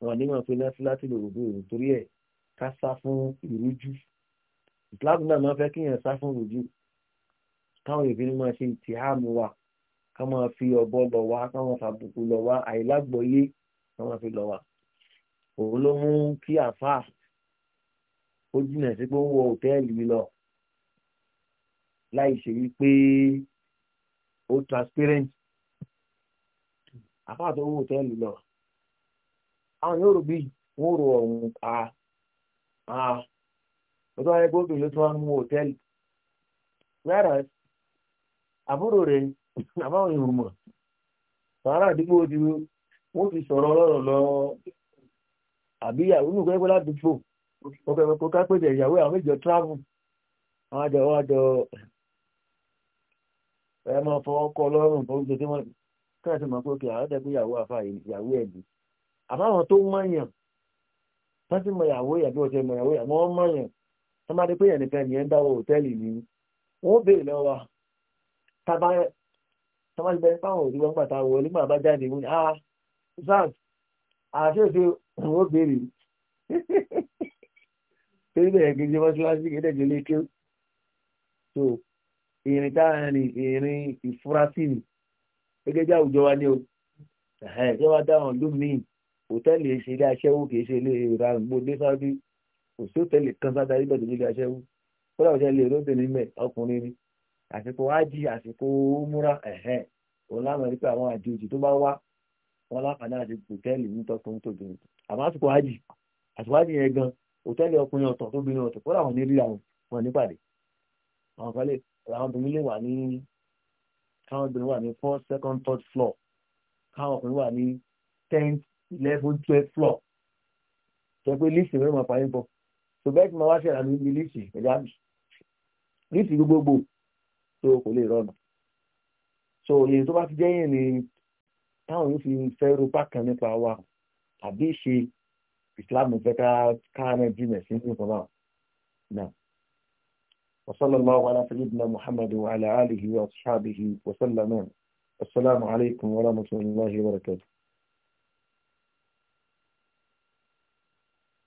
wọn ní wọn pé nẹ́fìlà ti lò rò bó rò torí ẹ̀ ká sá fún ìrújú ìsìláàmù náà máa fẹ́ kí yẹn sá fún ìrújú táwọn èèyàn fi ní máa ṣe ìtìhámù wa ká máa fi ọ̀bọ lọ wá ká máa fàbùkù lọ wá àìlágbọ̀ọ́yé ká máa fi lọ wá òun ló mú kí àfáà ó jìnà sí pé ó wọ òtẹ́ẹ̀lì lọ láì ṣe wípé ó transparent àfáà tó ń lọ àwọn yóò rò bí a. rò ọ̀hún pa ọjọ́ ayé gbogbo ìlú tí wọ́n mú hòtẹ́ẹ̀lì whereas àbúrò rẹ̀ àbáwọn èrò mọ̀ sàárà àdúgbò ti wọ́n ti sọ̀rọ̀ ọlọ́rọ̀ lọ àbí ìyàwó nù kẹ́kẹ́ ládùúgbò ìyàwó àwọn travel àwọn àjọ ẹ máa fọwọ́ kọ́ lọ́rùn tó ń ṣe tí wọ́n kẹ́ẹ̀sì mọ̀ pé kí àwọn tẹ́kù ìyàwó àfa ìyàwó ẹ̀ bí àmọ́ àwọn tó mọ̀yàn wọ́n mọ ìyàwó yẹn bí mọ ìyàwó yẹn wọ́n mọ̀yàn wọ́n máa dé pé yẹn nìkan nìyẹn ń dáwọ́ hòtẹ́ẹ̀lì ni wọ́n béèrè lọ́wọ́ wa tábà ti bẹ̀rẹ̀ fáwọn òbí wọn gbàtà wọlé nígbà bá jáde wọn ni ah zaz àṣeṣe wọ́n béèrè torí bẹ́ẹ̀ ìrìn táwọn ìrìn ìfurasí ni gẹ́gẹ́ bí àwùjọ wa ní o ṣé wàá dáhùn ìlú míì òtẹ́ẹ̀lì ṣe ilé aṣẹ́wó kì í ṣe ilé ìrarùn gbó dé sáájú kò sí òtẹ́ẹ̀lì kan sáájú ayé bẹ̀rẹ̀ ilé aṣẹ́wó kódà òtẹ́ẹ̀lì olóbìnrin mẹ́ ọkùnrin ni àsìkò ájì àsìkò múra òun láwọn ẹni pé àwọn àjòjì tó bá wá wọn láǹfààní àti òtẹ́ẹ̀lì ní tọ́tún tó bìnrin àmọ́ àsìkò ájì àsìkò ájì yẹn gan òtẹ́ẹ̀lì ọkùnrin ọ̀tọ̀ tó bìnrin ọ̀tọ̀ kódà wọn ní rí àwọn wọn nípàdé àwọn kan lè àwọn obìnrin lè wà ní káwọn obìnrin wà ní first second third floor káwọn ọkùnrin wà ní tenth eleven twelve floor sọ pé lísì rẹ̀ máa parí bọ̀ so bẹ́ẹ̀ tí mo wá ṣe ìlànà níbi lísì ẹ̀dá mi lísì gbogbogbò tó kò lè rọrùn so èyí tó bá ti jẹ́yìn ni táwọn yóò fi fẹ́ rúpa kan nípa wa àbí ṣe ìsìlámù fẹ́ ká ká náà jìnà sí nǹkan báwọn náà. وصلى الله على سيدنا محمد وعلى آله وأصحابه وسلم السلام عليكم ورحمة الله وبركاته